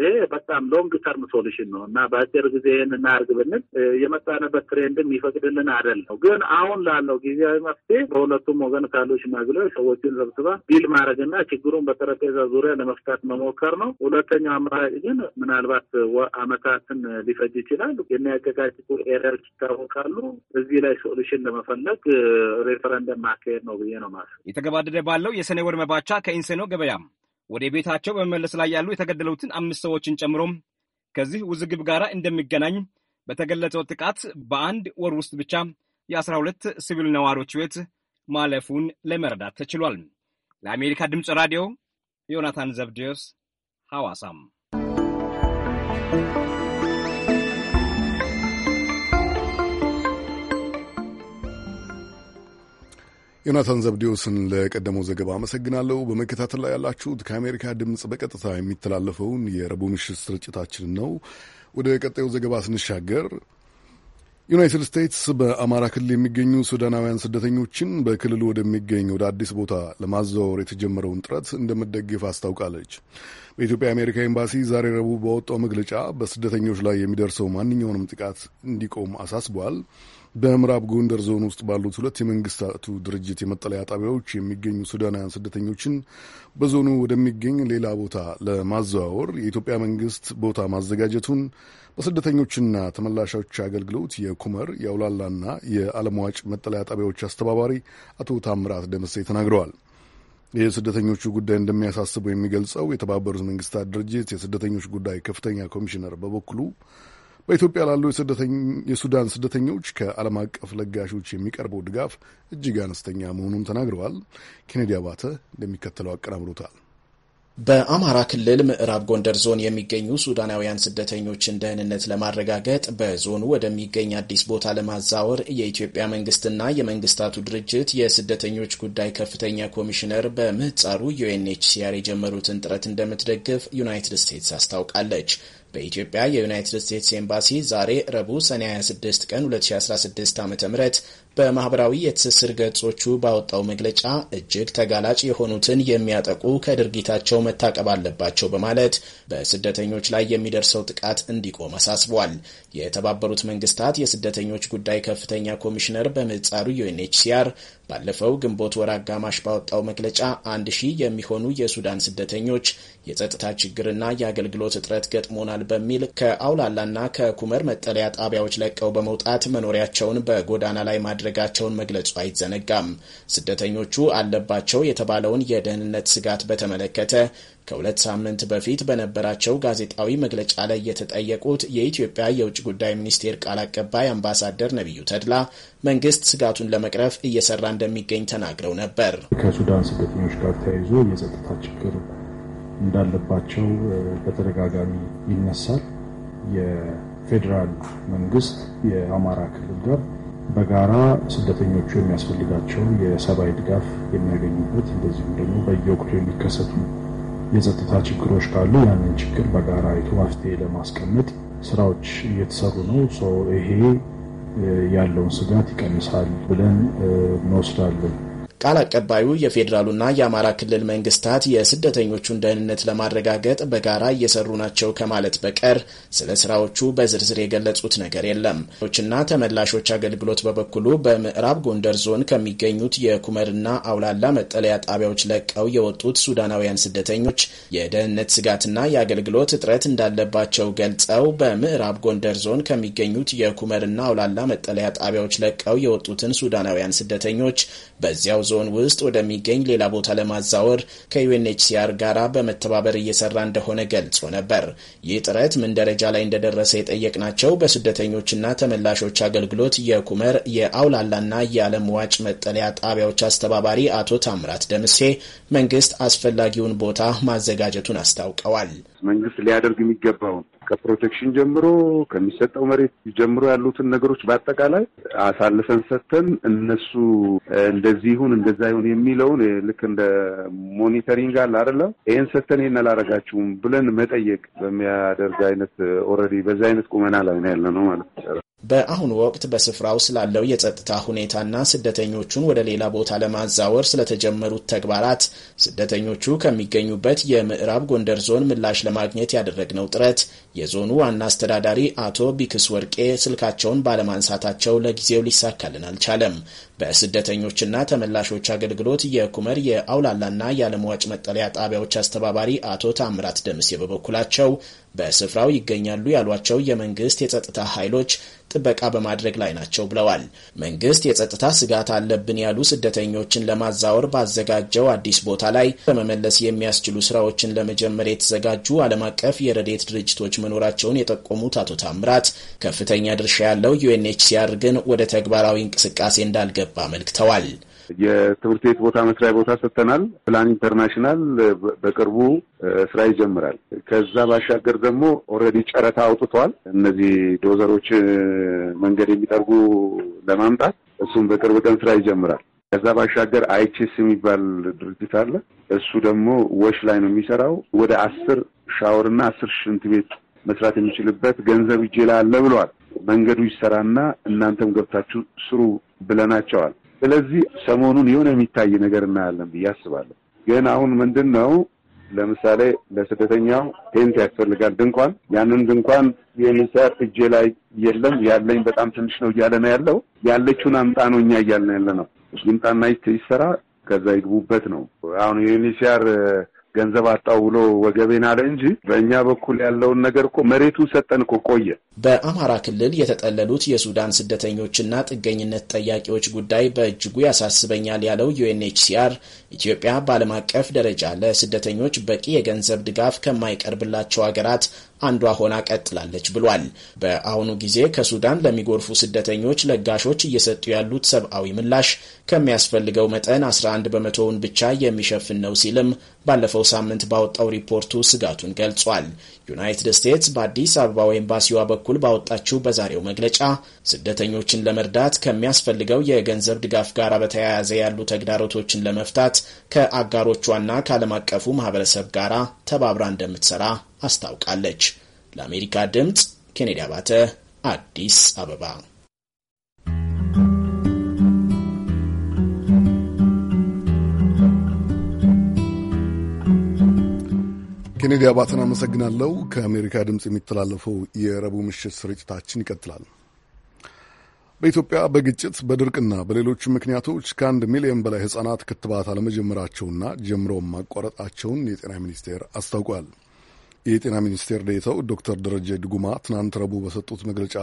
ይሄ በጣም ሎንግ ተርም ሶሉሽን ነው እና በአጭር ጊዜ ይህን እናርግ ብንል የመጣንበት ትሬንድም ይፈቅድልን ነው። ግን አሁን ላለው ጊዜያዊ መፍትሄ በሁለቱም ወገን ካሉ ሽማግሌዎች ሰዎችን ሰብስባ ቢል ማድረግና ችግሩን በጠረጴዛ ዙሪያ ለመፍታት መሞከር ነው። ሁለተኛው አማራጭ ግን ምናልባት አመታትን ሊፈጅ ይችላል። የሚያጨቃጭቁ ኤረር ይታወቃሉ። እዚህ ላይ ሶሉሽን ለመፈለግ ሬፈረንደም ማካሄድ መንገድ ነው ብዬ ነው ማለት። የተገባደደ ባለው የሰኔ ወር መባቻ ከኢንሴኖ ገበያም ወደ ቤታቸው በመመለስ ላይ ያሉ የተገደሉትን አምስት ሰዎችን ጨምሮ ከዚህ ውዝግብ ጋር እንደሚገናኝ በተገለጸው ጥቃት በአንድ ወር ውስጥ ብቻ የአስራ ሁለት ሲቪል ነዋሪዎች ሕይወት ማለፉን ለመረዳት ተችሏል። ለአሜሪካ ድምፅ ራዲዮ ዮናታን ዘብዴዎስ ሐዋሳም ዮናታን ዘብዴዎስን ለቀደመው ዘገባ አመሰግናለሁ። በመከታተል ላይ ያላችሁት ከአሜሪካ ድምፅ በቀጥታ የሚተላለፈውን የረቡዕ ምሽት ስርጭታችን ነው። ወደ ቀጣዩ ዘገባ ስንሻገር ዩናይትድ ስቴትስ በአማራ ክልል የሚገኙ ሱዳናውያን ስደተኞችን በክልሉ ወደሚገኝ ወደ አዲስ ቦታ ለማዘዋወር የተጀመረውን ጥረት እንደምትደግፍ አስታውቃለች። በኢትዮጵያ የአሜሪካ ኤምባሲ ዛሬ ረቡዕ በወጣው መግለጫ በስደተኞች ላይ የሚደርሰው ማንኛውንም ጥቃት እንዲቆም አሳስቧል። በምዕራብ ጎንደር ዞን ውስጥ ባሉት ሁለት የመንግስታቱ ድርጅት የመጠለያ ጣቢያዎች የሚገኙ ሱዳናውያን ስደተኞችን በዞኑ ወደሚገኝ ሌላ ቦታ ለማዘዋወር የኢትዮጵያ መንግስት ቦታ ማዘጋጀቱን በስደተኞችና ተመላሾች አገልግሎት የኩመር የአውላላና የአለምዋጭ መጠለያ ጣቢያዎች አስተባባሪ አቶ ታምራት ደመሴ ተናግረዋል። የስደተኞቹ ጉዳይ እንደሚያሳስበው የሚገልጸው የተባበሩት መንግስታት ድርጅት የስደተኞች ጉዳይ ከፍተኛ ኮሚሽነር በበኩሉ በኢትዮጵያ ላሉ የሱዳን ስደተኞች ከዓለም አቀፍ ለጋሾች የሚቀርበው ድጋፍ እጅግ አነስተኛ መሆኑን ተናግረዋል። ኬኔዲ አባተ እንደሚከተለው አቀናብሮታል። በአማራ ክልል ምዕራብ ጎንደር ዞን የሚገኙ ሱዳናውያን ስደተኞችን ደህንነት ለማረጋገጥ በዞኑ ወደሚገኝ አዲስ ቦታ ለማዛወር የኢትዮጵያ መንግስትና የመንግስታቱ ድርጅት የስደተኞች ጉዳይ ከፍተኛ ኮሚሽነር በምህጻሩ ዩኤንኤችሲአር የጀመሩትን ጥረት እንደምትደግፍ ዩናይትድ ስቴትስ አስታውቃለች። በኢትዮጵያ የዩናይትድ ስቴትስ ኤምባሲ ዛሬ ረቡዕ ሰኔ 26 ቀን 2016 ም በማህበራዊ የትስስር ገጾቹ ባወጣው መግለጫ እጅግ ተጋላጭ የሆኑትን የሚያጠቁ ከድርጊታቸው መታቀብ አለባቸው በማለት በስደተኞች ላይ የሚደርሰው ጥቃት እንዲቆም አሳስቧል። የተባበሩት መንግስታት የስደተኞች ጉዳይ ከፍተኛ ኮሚሽነር በምህጻሩ ዩኤንኤችሲአር ባለፈው ግንቦት ወር አጋማሽ ባወጣው መግለጫ አንድ ሺህ የሚሆኑ የሱዳን ስደተኞች የጸጥታ ችግርና የአገልግሎት እጥረት ገጥሞናል በሚል ከአውላላና ከኩመር መጠለያ ጣቢያዎች ለቀው በመውጣት መኖሪያቸውን በጎዳና ላይ ማድረግ ማድረጋቸውን መግለጹ አይዘነጋም። ስደተኞቹ አለባቸው የተባለውን የደህንነት ስጋት በተመለከተ ከሁለት ሳምንት በፊት በነበራቸው ጋዜጣዊ መግለጫ ላይ የተጠየቁት የኢትዮጵያ የውጭ ጉዳይ ሚኒስቴር ቃል አቀባይ አምባሳደር ነቢዩ ተድላ መንግስት ስጋቱን ለመቅረፍ እየሰራ እንደሚገኝ ተናግረው ነበር። ከሱዳን ስደተኞች ጋር ተያይዞ የጸጥታ ችግር እንዳለባቸው በተደጋጋሚ ይነሳል። የፌዴራል መንግስት የአማራ ክልል ጋር በጋራ ስደተኞቹ የሚያስፈልጋቸው የሰብአዊ ድጋፍ የሚያገኙበት እንደዚሁም ደግሞ በየወቅቱ የሚከሰቱ የጸጥታ ችግሮች ካሉ ያንን ችግር በጋራ አይቶ መፍትሄ ለማስቀመጥ ስራዎች እየተሰሩ ነው። ይሄ ያለውን ስጋት ይቀንሳል ብለን እንወስዳለን። ቃል አቀባዩ የፌዴራሉና የአማራ ክልል መንግስታት የስደተኞቹን ደህንነት ለማረጋገጥ በጋራ እየሰሩ ናቸው ከማለት በቀር ስለ ስራዎቹ በዝርዝር የገለጹት ነገር የለም። ችና ተመላሾች አገልግሎት በበኩሉ በምዕራብ ጎንደር ዞን ከሚገኙት የኩመርና አውላላ መጠለያ ጣቢያዎች ለቀው የወጡት ሱዳናውያን ስደተኞች የደህንነት ስጋትና የአገልግሎት እጥረት እንዳለባቸው ገልጸው በምዕራብ ጎንደር ዞን ከሚገኙት የኩመርና አውላላ መጠለያ ጣቢያዎች ለቀው የወጡትን ሱዳናውያን ስደተኞች በዚያው ዞን ውስጥ ወደሚገኝ ሌላ ቦታ ለማዛወር ከዩኤንኤችሲአር ጋር በመተባበር እየሰራ እንደሆነ ገልጾ ነበር። ይህ ጥረት ምን ደረጃ ላይ እንደደረሰ የጠየቅናቸው በስደተኞችና ተመላሾች አገልግሎት የኩመር የአውላላና የዓለም ዋጭ መጠለያ ጣቢያዎች አስተባባሪ አቶ ታምራት ደምሴ መንግስት አስፈላጊውን ቦታ ማዘጋጀቱን አስታውቀዋል። መንግስት ሊያደርግ የሚገባውን ከፕሮቴክሽን ጀምሮ ከሚሰጠው መሬት ጀምሮ ያሉትን ነገሮች በአጠቃላይ አሳልፈን ሰጥተን እነሱ እንደዚህ ይሁን እንደዛ ይሁን የሚለውን ልክ እንደ ሞኒተሪንግ አለ አይደለም፣ ይህን ሰጥተን ይህን አላረጋችሁም ብለን መጠየቅ በሚያደርግ አይነት ኦልሬዲ በዛ አይነት ቁመና ላይ ነው ያለ ነው ማለት ይቻላል። በአሁኑ ወቅት በስፍራው ስላለው የጸጥታ ሁኔታና ስደተኞቹን ወደ ሌላ ቦታ ለማዛወር ስለተጀመሩት ተግባራት ስደተኞቹ ከሚገኙበት የምዕራብ ጎንደር ዞን ምላሽ ለማግኘት ያደረግነው ጥረት የዞኑ ዋና አስተዳዳሪ አቶ ቢክስ ወርቄ ስልካቸውን ባለማንሳታቸው ለጊዜው ሊሳካልን አልቻለም። በስደተኞችና ተመላሾች አገልግሎት የኩመር የአውላላና የአለምዋጭ መጠለያ ጣቢያዎች አስተባባሪ አቶ ታምራት ደምሴ በበኩላቸው በስፍራው ይገኛሉ ያሏቸው የመንግስት የጸጥታ ኃይሎች ጥበቃ በማድረግ ላይ ናቸው ብለዋል። መንግስት የጸጥታ ስጋት አለብን ያሉ ስደተኞችን ለማዛወር ባዘጋጀው አዲስ ቦታ ላይ በመመለስ የሚያስችሉ ስራዎችን ለመጀመር የተዘጋጁ ዓለም አቀፍ የረዴት ድርጅቶች መኖራቸውን የጠቆሙት አቶ ታምራት ከፍተኛ ድርሻ ያለው ዩኤንኤችሲአር ግን ወደ ተግባራዊ እንቅስቃሴ እንዳልገባ እንደሚገባ አመልክተዋል። የትምህርት ቤት ቦታ መስሪያ ቦታ ሰጥተናል። ፕላን ኢንተርናሽናል በቅርቡ ስራ ይጀምራል። ከዛ ባሻገር ደግሞ ኦልሬዲ ጨረታ አውጥተዋል። እነዚህ ዶዘሮች መንገድ የሚጠርጉ ለማምጣት እሱም በቅርብ ቀን ስራ ይጀምራል። ከዛ ባሻገር አይችስ የሚባል ድርጅት አለ። እሱ ደግሞ ወሽ ላይ ነው የሚሰራው። ወደ አስር ሻወር እና አስር ሽንት ቤት መስራት የሚችልበት ገንዘብ እጄ ላይ አለ ብለዋል። መንገዱ ይሰራና እናንተም ገብታችሁ ስሩ ብለናቸዋል። ስለዚህ ሰሞኑን የሆነ የሚታይ ነገር እናያለን ብዬ አስባለሁ። ግን አሁን ምንድን ነው ለምሳሌ ለስደተኛው ቴንት ያስፈልጋል፣ ድንኳን። ያንን ድንኳን የሚሰር እጄ ላይ የለም ያለኝ በጣም ትንሽ ነው እያለ ነው ያለው። ያለችውን አምጣ ነው እኛ እያልን ያለ ነው። ይምጣና ይሰራ፣ ከዛ ይግቡበት ነው። አሁን የዩኒሲያር ገንዘብ አጣው ብሎ ወገቤን አለ እንጂ በእኛ በኩል ያለውን ነገር እኮ መሬቱን ሰጠን እኮ ቆየ። በአማራ ክልል የተጠለሉት የሱዳን ስደተኞችና ጥገኝነት ጠያቂዎች ጉዳይ በእጅጉ ያሳስበኛል ያለው ዩኤንኤችሲአር ኢትዮጵያ በዓለም አቀፍ ደረጃ ለስደተኞች በቂ የገንዘብ ድጋፍ ከማይቀርብላቸው ሀገራት አንዷ ሆና ቀጥላለች ብሏል። በአሁኑ ጊዜ ከሱዳን ለሚጎርፉ ስደተኞች ለጋሾች እየሰጡ ያሉት ሰብአዊ ምላሽ ከሚያስፈልገው መጠን 11 በመቶውን ብቻ የሚሸፍን ነው ሲልም ባለፈው ሳምንት ባወጣው ሪፖርቱ ስጋቱን ገልጿል። ዩናይትድ ስቴትስ በአዲስ አበባ ኤምባሲዋ በኩል ባወጣችው በዛሬው መግለጫ ስደተኞችን ለመርዳት ከሚያስፈልገው የገንዘብ ድጋፍ ጋር በተያያዘ ያሉ ተግዳሮቶችን ለመፍታት ከአጋሮቿና ከዓለም አቀፉ ማህበረሰብ ጋር ተባብራ እንደምትሰራ አስታውቃለች። ለአሜሪካ ድምፅ ኬኔዲ አባተ አዲስ አበባ። ኬኔዲ አባተን አመሰግናለሁ። ከአሜሪካ ድምፅ የሚተላለፈው የረቡዕ ምሽት ስርጭታችን ይቀጥላል። በኢትዮጵያ በግጭት በድርቅና በሌሎች ምክንያቶች ከአንድ ሚሊዮን በላይ ሕጻናት ክትባት አለመጀመራቸውና ጀምረውን ማቋረጣቸውን የጤና ሚኒስቴር አስታውቋል። የጤና ሚኒስቴር ዴኤታው ዶክተር ደረጀ ድጉማ ትናንት ረቡዕ በሰጡት መግለጫ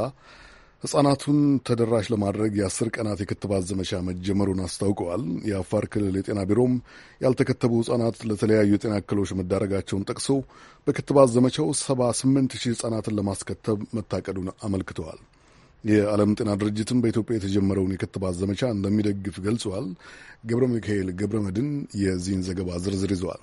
ህጻናቱን ተደራሽ ለማድረግ የአስር ቀናት የክትባት ዘመቻ መጀመሩን አስታውቀዋል። የአፋር ክልል የጤና ቢሮም ያልተከተቡ ህጻናት ለተለያዩ የጤና እክሎች መዳረጋቸውን ጠቅሶ በክትባት ዘመቻው 78 ሺህ ህጻናትን ለማስከተብ መታቀዱን አመልክተዋል። የዓለም ጤና ድርጅትም በኢትዮጵያ የተጀመረውን የክትባት ዘመቻ እንደሚደግፍ ገልጿል። ገብረ ሚካኤል ገብረ መድን የዚህን ዘገባ ዝርዝር ይዘዋል።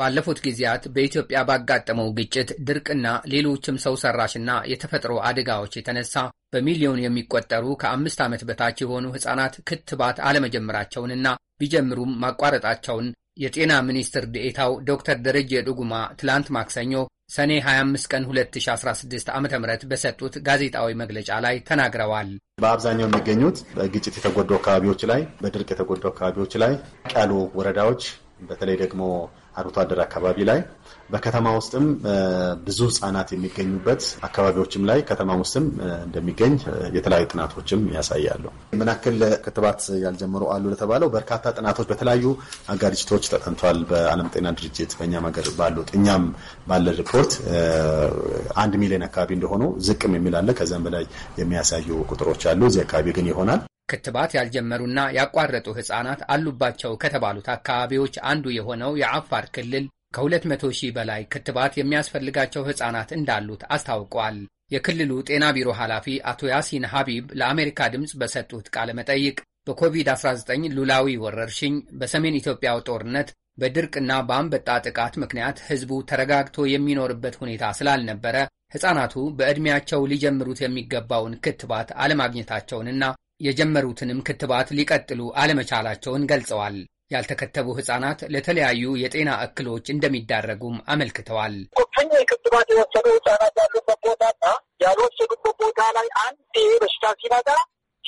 ባለፉት ጊዜያት በኢትዮጵያ ባጋጠመው ግጭት፣ ድርቅና ሌሎችም ሰው ሰራሽና የተፈጥሮ አደጋዎች የተነሳ በሚሊዮን የሚቆጠሩ ከአምስት ዓመት በታች የሆኑ ሕፃናት ክትባት አለመጀመራቸውንና ቢጀምሩም ማቋረጣቸውን የጤና ሚኒስትር ዴኤታው ዶክተር ደረጀ ዱጉማ ትላንት ማክሰኞ ሰኔ 25 ቀን 2016 ዓ ም በሰጡት ጋዜጣዊ መግለጫ ላይ ተናግረዋል። በአብዛኛው የሚገኙት በግጭት የተጎዱ አካባቢዎች ላይ፣ በድርቅ የተጎዱ አካባቢዎች ላይ ያሉ ወረዳዎች በተለይ ደግሞ አርብቶ አደር አካባቢ ላይ በከተማ ውስጥም ብዙ ህጻናት የሚገኙበት አካባቢዎችም ላይ ከተማ ውስጥም እንደሚገኝ የተለያዩ ጥናቶችም ያሳያሉ። ምናክል ክትባት ያልጀመሩ አሉ ለተባለው በርካታ ጥናቶች በተለያዩ አጋድጅቶች ተጠንቷል። በዓለም ጤና ድርጅት በእኛም ሀገር ባሉት እኛም ባለ ሪፖርት አንድ ሚሊዮን አካባቢ እንደሆኑ ዝቅም የሚላለ ከዚያም በላይ የሚያሳዩ ቁጥሮች አሉ። እዚህ አካባቢ ግን ይሆናል ክትባት ያልጀመሩና ያቋረጡ ሕፃናት አሉባቸው ከተባሉት አካባቢዎች አንዱ የሆነው የአፋር ክልል ከ200 ሺህ በላይ ክትባት የሚያስፈልጋቸው ሕፃናት እንዳሉት አስታውቋል። የክልሉ ጤና ቢሮ ኃላፊ አቶ ያሲን ሐቢብ ለአሜሪካ ድምፅ በሰጡት ቃለ መጠይቅ በኮቪድ-19 ሉላዊ ወረርሽኝ፣ በሰሜን ኢትዮጵያው ጦርነት፣ በድርቅና በአንበጣ ጥቃት ምክንያት ሕዝቡ ተረጋግቶ የሚኖርበት ሁኔታ ስላልነበረ ሕፃናቱ በዕድሜያቸው ሊጀምሩት የሚገባውን ክትባት አለማግኘታቸውንና የጀመሩትንም ክትባት ሊቀጥሉ አለመቻላቸውን ገልጸዋል። ያልተከተቡ ህጻናት ለተለያዩ የጤና እክሎች እንደሚዳረጉም አመልክተዋል። ኩፍኝ የክትባት የወሰዱ ህጻናት ያሉበት ቦታና ያልወሰዱበት ቦታ ላይ አንድ በሽታ ሲመጣ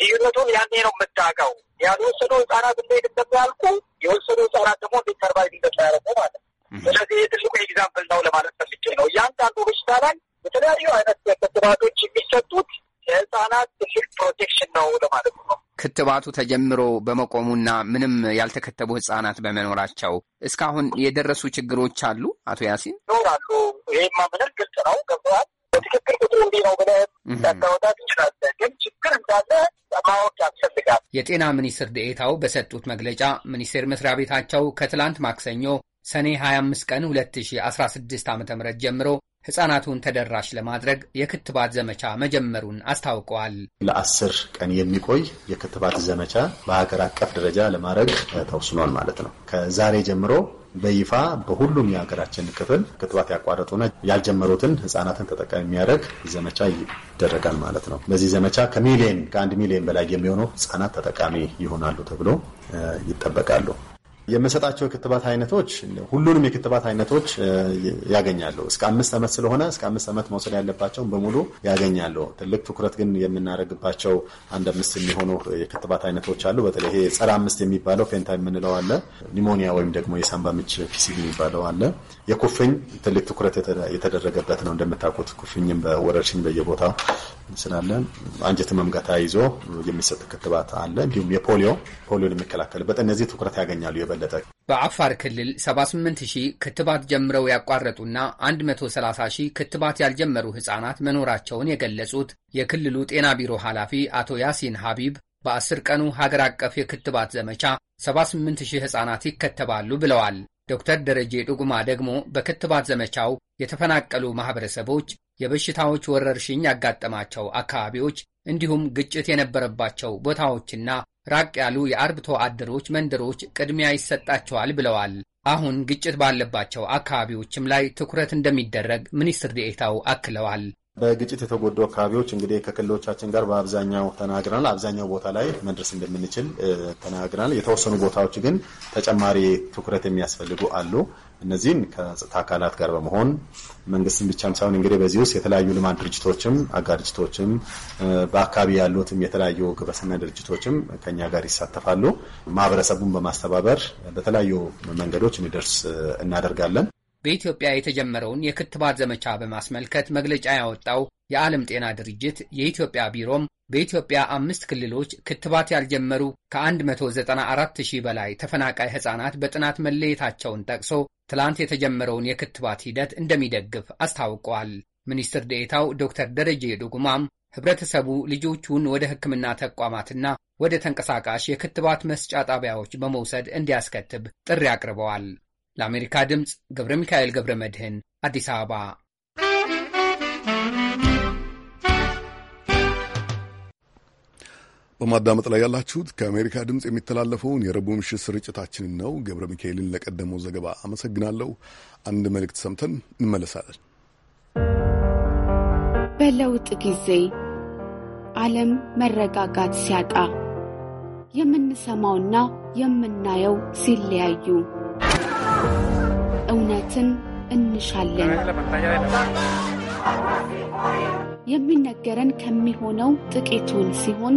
ልዩነቱን ያኔ ነው የምታውቀው። ያልወሰዱ ህጻናት እንዴት እንደሚያልቁ፣ የወሰዱ ህጻናት ደግሞ እንዴት ሰርቫይቭ እንደሚያደርጉ ማለት ነው። ስለዚህ የትልቁ ኤግዛምፕል ነው ለማለት ፈልጌ ነው። እያንዳንዱ በሽታ ላይ የተለያዩ አይነት ክትባቶች የሚሰጡት የህጻናት ትልቅ ፕሮቴክሽን ነው ለማለት ነው። ክትባቱ ተጀምሮ በመቆሙና ምንም ያልተከተቡ ህጻናት በመኖራቸው እስካሁን የደረሱ ችግሮች አሉ። አቶ ያሲን ይኖራሉ። ይህማ ምንም ግልጽ ነው ገብተዋል። በትክክል ቁጥሩ እንዲህ ነው ብለ ታወጣ ትችላለህ፣ ግን ችግር እንዳለ ያስፈልጋል። የጤና ሚኒስትር ዴኤታው በሰጡት መግለጫ ሚኒስቴር መስሪያ ቤታቸው ከትላንት ማክሰኞ ሰኔ 25 ቀን 2016 ዓ ም ጀምሮ ሕፃናቱን ተደራሽ ለማድረግ የክትባት ዘመቻ መጀመሩን አስታውቀዋል። ለአስር ቀን የሚቆይ የክትባት ዘመቻ በሀገር አቀፍ ደረጃ ለማድረግ ተወስኗል ማለት ነው። ከዛሬ ጀምሮ በይፋ በሁሉም የሀገራችን ክፍል ክትባት ያቋረጡና ያልጀመሩትን ህጻናትን ተጠቃሚ የሚያደርግ ዘመቻ ይደረጋል ማለት ነው። በዚህ ዘመቻ ከሚሊየን ከአንድ ሚሊዮን በላይ የሚሆኑ ህጻናት ተጠቃሚ ይሆናሉ ተብሎ ይጠበቃሉ። የምሰጣቸው የክትባት አይነቶች ሁሉንም የክትባት አይነቶች ያገኛሉ። እስከ አምስት ዓመት ስለሆነ እስከ አምስት ዓመት መውሰድ ያለባቸውን በሙሉ ያገኛሉ። ትልቅ ትኩረት ግን የምናደርግባቸው አንድ አምስት የሚሆኑ የክትባት አይነቶች አሉ። በተለይ ይሄ ጸረ አምስት የሚባለው ፔንታ የምንለው አለ። ኒሞኒያ ወይም ደግሞ የሳምባ ምች ፒሲቪ የሚባለው አለ። የኩፍኝ ትልቅ ትኩረት የተደረገበት ነው። እንደምታውቁት ኩፍኝም በወረርሽኝ በየቦታው ስላለ አንጀት መምጋታ ይዞ የሚሰጥ ክትባት አለ። እንዲሁም የፖሊዮ ፖሊዮን የሚከላከልበት እነዚህ ትኩረት ያገኛሉ። የበለጠ በአፋር ክልል 78 ሺህ ክትባት ጀምረው ያቋረጡና 130 ሺህ ክትባት ያልጀመሩ ሕፃናት መኖራቸውን የገለጹት የክልሉ ጤና ቢሮ ኃላፊ አቶ ያሲን ሀቢብ በአስር ቀኑ ሀገር አቀፍ የክትባት ዘመቻ 78 ሺህ ሕፃናት ይከተባሉ ብለዋል። ዶክተር ደረጀ ዱጉማ ደግሞ በክትባት ዘመቻው የተፈናቀሉ ማኅበረሰቦች፣ የበሽታዎች ወረርሽኝ ያጋጠማቸው አካባቢዎች እንዲሁም ግጭት የነበረባቸው ቦታዎችና ራቅ ያሉ የአርብቶ አደሮች መንደሮች ቅድሚያ ይሰጣቸዋል ብለዋል። አሁን ግጭት ባለባቸው አካባቢዎችም ላይ ትኩረት እንደሚደረግ ሚኒስትር ዴኤታው አክለዋል። በግጭት የተጎዱ አካባቢዎች እንግዲህ ከክልሎቻችን ጋር በአብዛኛው ተናግረናል። አብዛኛው ቦታ ላይ መድረስ እንደምንችል ተናግረናል። የተወሰኑ ቦታዎች ግን ተጨማሪ ትኩረት የሚያስፈልጉ አሉ። እነዚህን ከጸጥታ አካላት ጋር በመሆን መንግስትን ብቻም ሳይሆን እንግዲህ በዚህ ውስጥ የተለያዩ ልማት ድርጅቶችም አጋር ድርጅቶችም በአካባቢ ያሉትም የተለያዩ ግብረሰናይ ድርጅቶችም ከኛ ጋር ይሳተፋሉ። ማህበረሰቡን በማስተባበር በተለያዩ መንገዶች እንዲደርስ እናደርጋለን። በኢትዮጵያ የተጀመረውን የክትባት ዘመቻ በማስመልከት መግለጫ ያወጣው የዓለም ጤና ድርጅት የኢትዮጵያ ቢሮም በኢትዮጵያ አምስት ክልሎች ክትባት ያልጀመሩ ከ194 ሺህ በላይ ተፈናቃይ ሕፃናት በጥናት መለየታቸውን ጠቅሶ ትላንት የተጀመረውን የክትባት ሂደት እንደሚደግፍ አስታውቀዋል። ሚኒስትር ዴኤታው ዶክተር ደረጀ ዱጉማም ህብረተሰቡ ልጆቹን ወደ ሕክምና ተቋማትና ወደ ተንቀሳቃሽ የክትባት መስጫ ጣቢያዎች በመውሰድ እንዲያስከትብ ጥሪ አቅርበዋል። ለአሜሪካ ድምፅ ገብረ ሚካኤል ገብረ መድህን አዲስ አበባ በማዳመጥ ላይ ያላችሁት ከአሜሪካ ድምፅ የሚተላለፈውን የረቡዕ ምሽት ስርጭታችንን ነው። ገብረ ሚካኤልን ለቀደመው ዘገባ አመሰግናለሁ። አንድ መልእክት ሰምተን እንመለሳለን። በለውጥ ጊዜ ዓለም መረጋጋት ሲያጣ የምንሰማውና የምናየው ሲለያዩ እውነትን እንሻለን። የሚነገረን ከሚሆነው ጥቂቱን ሲሆን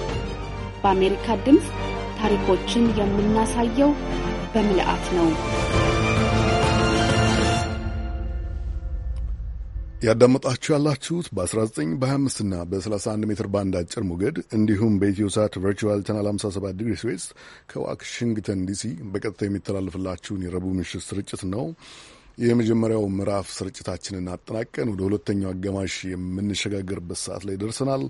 በአሜሪካ ድምፅ ታሪኮችን የምናሳየው በምልአት ነው። ያዳመጣችሁ ያላችሁት በ19 በ25 እና በ31 ሜትር ባንድ አጭር ሞገድ እንዲሁም ሳት ቨርቹዋል ቻናል 57 ዲግሪ ስዌስት ከዋሽንግተን ዲሲ በቀጥታ የሚተላለፍላችሁን የረቡዕ ምሽት ስርጭት ነው። የመጀመሪያው ምዕራፍ ስርጭታችንን አጠናቀን ወደ ሁለተኛው አጋማሽ የምንሸጋገርበት ሰዓት ላይ ደርሰናል።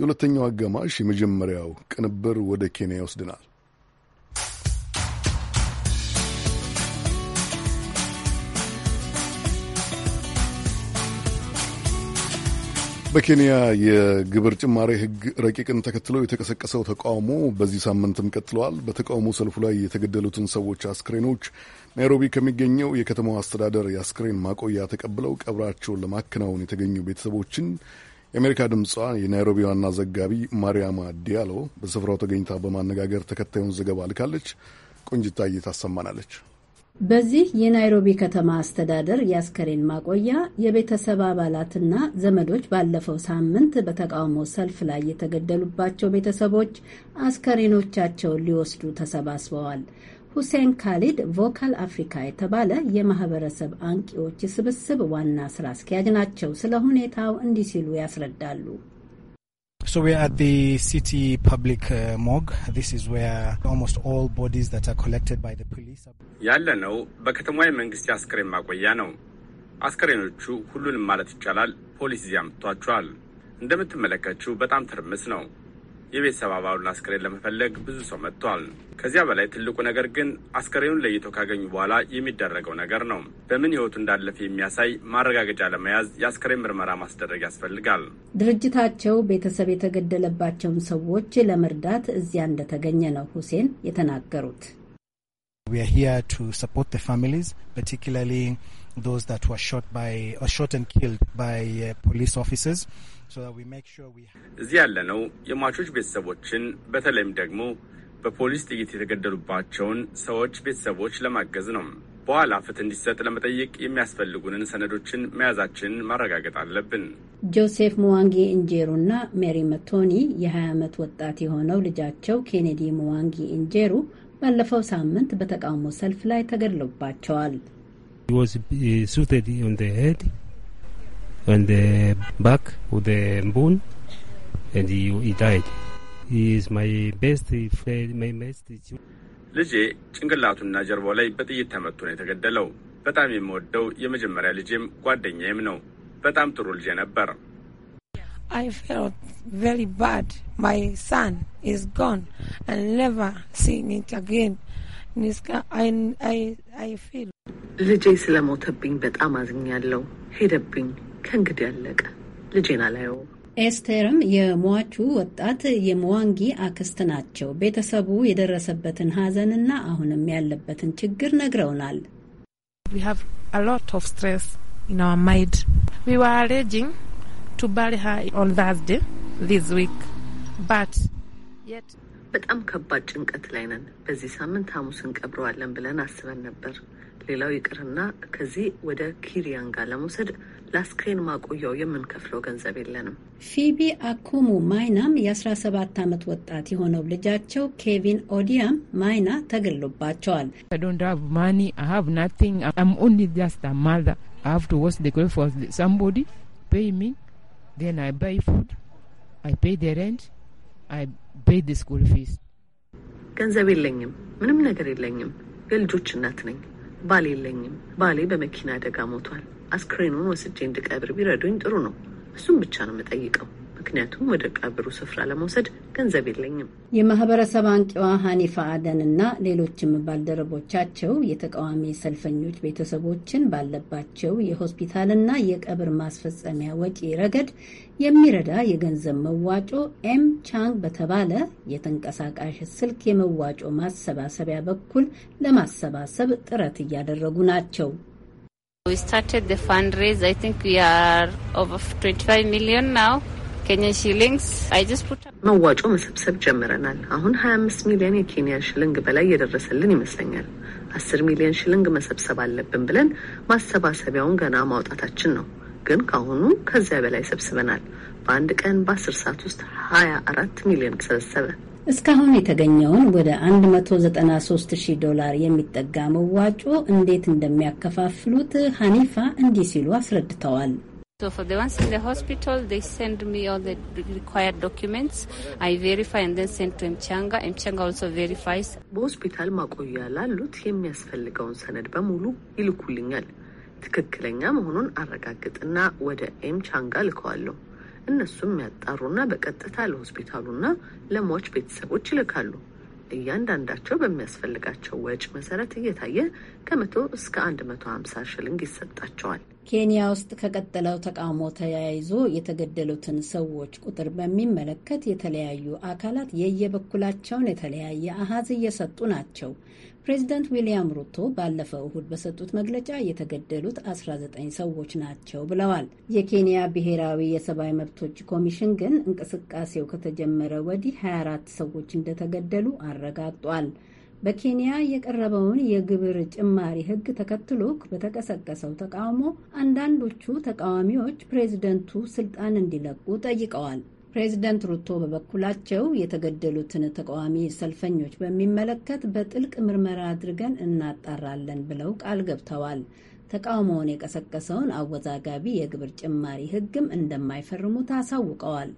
የሁለተኛው አጋማሽ የመጀመሪያው ቅንብር ወደ ኬንያ ይወስድናል። በኬንያ የግብር ጭማሪ ሕግ ረቂቅን ተከትሎ የተቀሰቀሰው ተቃውሞ በዚህ ሳምንትም ቀጥለዋል። በተቃውሞ ሰልፉ ላይ የተገደሉትን ሰዎች አስክሬኖች ናይሮቢ ከሚገኘው የከተማው አስተዳደር የአስክሬን ማቆያ ተቀብለው ቀብራቸውን ለማከናወን የተገኙ ቤተሰቦችን የአሜሪካ ድምጿ የናይሮቢ ዋና ዘጋቢ ማርያማ ዲያሎ በስፍራው ተገኝታ በማነጋገር ተከታዩን ዘገባ ልካለች። ቆንጅታ እየታሰማናለች። በዚህ የናይሮቢ ከተማ አስተዳደር የአስከሬን ማቆያ የቤተሰብ አባላትና ዘመዶች ባለፈው ሳምንት በተቃውሞ ሰልፍ ላይ የተገደሉባቸው ቤተሰቦች አስከሬኖቻቸውን ሊወስዱ ተሰባስበዋል። ሁሴን ካሊድ ቮካል አፍሪካ የተባለ የማህበረሰብ አንቂዎች ስብስብ ዋና ስራ አስኪያጅ ናቸው። ስለ ሁኔታው እንዲህ ሲሉ ያስረዳሉ። So we are at the city public uh, morgue. This is where almost all bodies that are collected by the police are... ያለነው በከተማ የመንግስት የአስክሬን ማቆያ ነው። አስክሬኖቹ ሁሉንም ማለት ይቻላል ፖሊስ እዚያ አምጥቷቸዋል። እንደምትመለከችው በጣም ትርምስ ነው። የቤተሰብ አባሉን አስክሬን ለመፈለግ ብዙ ሰው መጥቷል። ከዚያ በላይ ትልቁ ነገር ግን አስክሬኑን ለይቶ ካገኙ በኋላ የሚደረገው ነገር ነው። በምን ህይወቱ እንዳለፈ የሚያሳይ ማረጋገጫ ለመያዝ የአስክሬን ምርመራ ማስደረግ ያስፈልጋል። ድርጅታቸው ቤተሰብ የተገደለባቸውን ሰዎች ለመርዳት እዚያ እንደተገኘ ነው ሁሴን የተናገሩት። We are here to support the families, particularly those that were shot by or shot and killed by uh, police officers. እዚህ ያለነው የሟቾች ቤተሰቦችን በተለይም ደግሞ በፖሊስ ጥይት የተገደሉባቸውን ሰዎች ቤተሰቦች ለማገዝ ነው። በኋላ ፍትህ እንዲሰጥ ለመጠየቅ የሚያስፈልጉንን ሰነዶችን መያዛችንን ማረጋገጥ አለብን። ጆሴፍ ሙዋንጊ እንጄሩ እና ሜሪ መቶኒ የ20 ዓመት ወጣት የሆነው ልጃቸው ኬኔዲ ሙዋንጊ እንጄሩ ባለፈው ሳምንት በተቃውሞ ሰልፍ ላይ ተገድሎባቸዋል። and the back with the bone, and he, he died. He is my best friend, my best. ልጄ ጭንቅላቱና ጀርባው ላይ በጥይት ተመቶ ነው የተገደለው። በጣም የምወደው የመጀመሪያ ልጄም ጓደኛዬም ነው። በጣም ጥሩ ልጄ ነበር። I felt very bad. My son is gone and never seen it again. I, I, I feel ልጄ ስለሞተብኝ በጣም አዝኛለሁ። ሄደብኝ። ከእንግዲህ ያለቀ ልጄን አላየው። ኤስቴርም የሟቹ ወጣት የመዋንጊ አክስት ናቸው። ቤተሰቡ የደረሰበትን ሀዘንና አሁንም ያለበትን ችግር ነግረውናል። በጣም ከባድ ጭንቀት ላይ ነን። በዚህ ሳምንት ሐሙስ እንቀብረዋለን ብለን አስበን ነበር። ሌላው ይቅርና ከዚህ ወደ ኪሪያንጋ ለመውሰድ ለአስክሬን ማቆያው የምንከፍለው ገንዘብ የለንም። ፊቢ አኩሙ ማይናም የ17 ዓመት ወጣት የሆነው ልጃቸው ኬቪን ኦዲያም ማይና ተገሎባቸዋል። ገንዘብ የለኝም። ምንም ነገር የለኝም። የልጆች እናት ነኝ። ባል የለኝም። ባሌ በመኪና አደጋ ሞቷል። አስክሬኑን ወስጄ እንድቀብር ቢረዱኝ ጥሩ ነው። እሱም ብቻ ነው የምጠይቀው። ምክንያቱም ወደ ቀብሩ ስፍራ ለመውሰድ ገንዘብ የለኝም። የማህበረሰብ አንቂዋ ሀኒፋ አደን እና ሌሎችም ባልደረቦቻቸው የተቃዋሚ ሰልፈኞች ቤተሰቦችን ባለባቸው የሆስፒታልና የቀብር ማስፈጸሚያ ወጪ ረገድ የሚረዳ የገንዘብ መዋጮ ኤም ቻንግ በተባለ የተንቀሳቃሽ ስልክ የመዋጮ ማሰባሰቢያ በኩል ለማሰባሰብ ጥረት እያደረጉ ናቸው። We started the fundraise. I think we are over 25 million now. ኬንያ ሺሊንግስ መዋጮ መሰብሰብ ጀምረናል። አሁን 25 ሚሊዮን የኬንያ ሽልንግ በላይ የደረሰልን ይመስለኛል። 10 ሚሊዮን ሽልንግ መሰብሰብ አለብን ብለን ማሰባሰቢያውን ገና ማውጣታችን ነው። ግን ከአሁኑ ከዚያ በላይ ሰብስበናል። በአንድ ቀን በ10 ሰዓት ውስጥ 24 ሚሊዮን ሰበሰበ። እስካሁን የተገኘውን ወደ 193,000 ዶላር የሚጠጋ መዋጮ እንዴት እንደሚያከፋፍሉት ሀኒፋ እንዲህ ሲሉ አስረድተዋል። በሆስፒታል ማቆያ ላሉት የሚያስፈልገውን ሰነድ በሙሉ ይልኩልኛል። ትክክለኛ መሆኑን አረጋግጥና ወደ ኤምቻንጋ ልከዋለሁ። እነሱም ያጣሩና በቀጥታ ለሆስፒታሉና ለሟች ቤተሰቦች ይልካሉ። እያንዳንዳቸው በሚያስፈልጋቸው ወጪ መሰረት እየታየ ከመቶ እስከ አንድ መቶ ሀምሳ ሽልንግ ይሰጣቸዋል። ኬንያ ውስጥ ከቀጠለው ተቃውሞ ተያይዞ የተገደሉትን ሰዎች ቁጥር በሚመለከት የተለያዩ አካላት የየበኩላቸውን የተለያየ አሀዝ እየሰጡ ናቸው። ፕሬዚደንት ዊልያም ሩቶ ባለፈው እሁድ በሰጡት መግለጫ የተገደሉት 19 ሰዎች ናቸው ብለዋል። የኬንያ ብሔራዊ የሰብአዊ መብቶች ኮሚሽን ግን እንቅስቃሴው ከተጀመረ ወዲህ 24 ሰዎች እንደተገደሉ አረጋግጧል። በኬንያ የቀረበውን የግብር ጭማሪ ሕግ ተከትሎ በተቀሰቀሰው ተቃውሞ አንዳንዶቹ ተቃዋሚዎች ፕሬዚደንቱ ስልጣን እንዲለቁ ጠይቀዋል። ፕሬዚደንት ሩቶ በበኩላቸው የተገደሉትን ተቃዋሚ ሰልፈኞች በሚመለከት በጥልቅ ምርመራ አድርገን እናጣራለን ብለው ቃል ገብተዋል። ተቃውሞውን የቀሰቀሰውን አወዛጋቢ የግብር ጭማሪ ሕግም እንደማይፈርሙት አሳውቀዋል።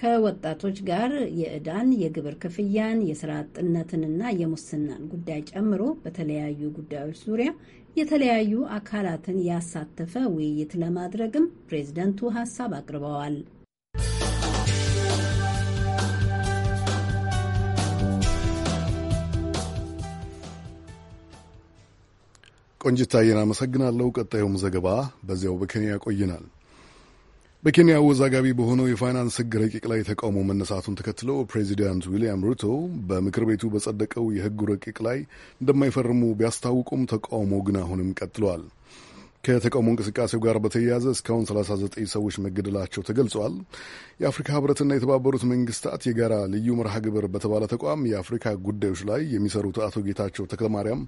ከወጣቶች ጋር የዕዳን፣ የግብር ክፍያን፣ የስራ አጥነትንና የሙስናን ጉዳይ ጨምሮ በተለያዩ ጉዳዮች ዙሪያ የተለያዩ አካላትን ያሳተፈ ውይይት ለማድረግም ፕሬዝደንቱ ሀሳብ አቅርበዋል። ቆንጅታዬን አመሰግናለሁ። ቀጣዩም ዘገባ በዚያው በኬንያ ያቆይናል። በኬንያ አወዛጋቢ በሆነው የፋይናንስ ሕግ ረቂቅ ላይ ተቃውሞ መነሳቱን ተከትሎ ፕሬዚዳንት ዊልያም ሩቶ በምክር ቤቱ በጸደቀው የሕጉ ረቂቅ ላይ እንደማይፈርሙ ቢያስታውቁም ተቃውሞ ግን አሁንም ቀጥሏል። ከተቃውሞ እንቅስቃሴው ጋር በተያያዘ እስካሁን 39 ሰዎች መገደላቸው ተገልጿል። የአፍሪካ ህብረትና የተባበሩት መንግስታት የጋራ ልዩ መርሃ ግብር በተባለ ተቋም የአፍሪካ ጉዳዮች ላይ የሚሰሩት አቶ ጌታቸው ተክለማርያም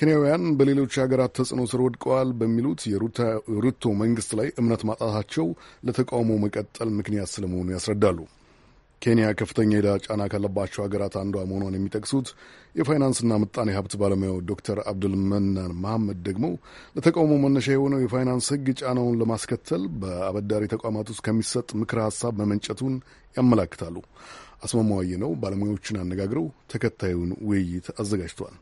ኬንያውያን በሌሎች ሀገራት ተጽዕኖ ስር ወድቀዋል በሚሉት የሩቶ መንግስት ላይ እምነት ማጣታቸው ለተቃውሞ መቀጠል ምክንያት ስለመሆኑ ያስረዳሉ። ኬንያ ከፍተኛ የዕዳ ጫና ካለባቸው ሀገራት አንዷ መሆኗን የሚጠቅሱት የፋይናንስና ምጣኔ ሀብት ባለሙያው ዶክተር አብዱልመናን መሐመድ ደግሞ ለተቃውሞ መነሻ የሆነው የፋይናንስ ሕግ ጫናውን ለማስከተል በአበዳሪ ተቋማት ውስጥ ከሚሰጥ ምክረ ሀሳብ መመንጨቱን ያመላክታሉ። አስማማዋይ ነው ባለሙያዎችን አነጋግረው ተከታዩን ውይይት አዘጋጅቷል።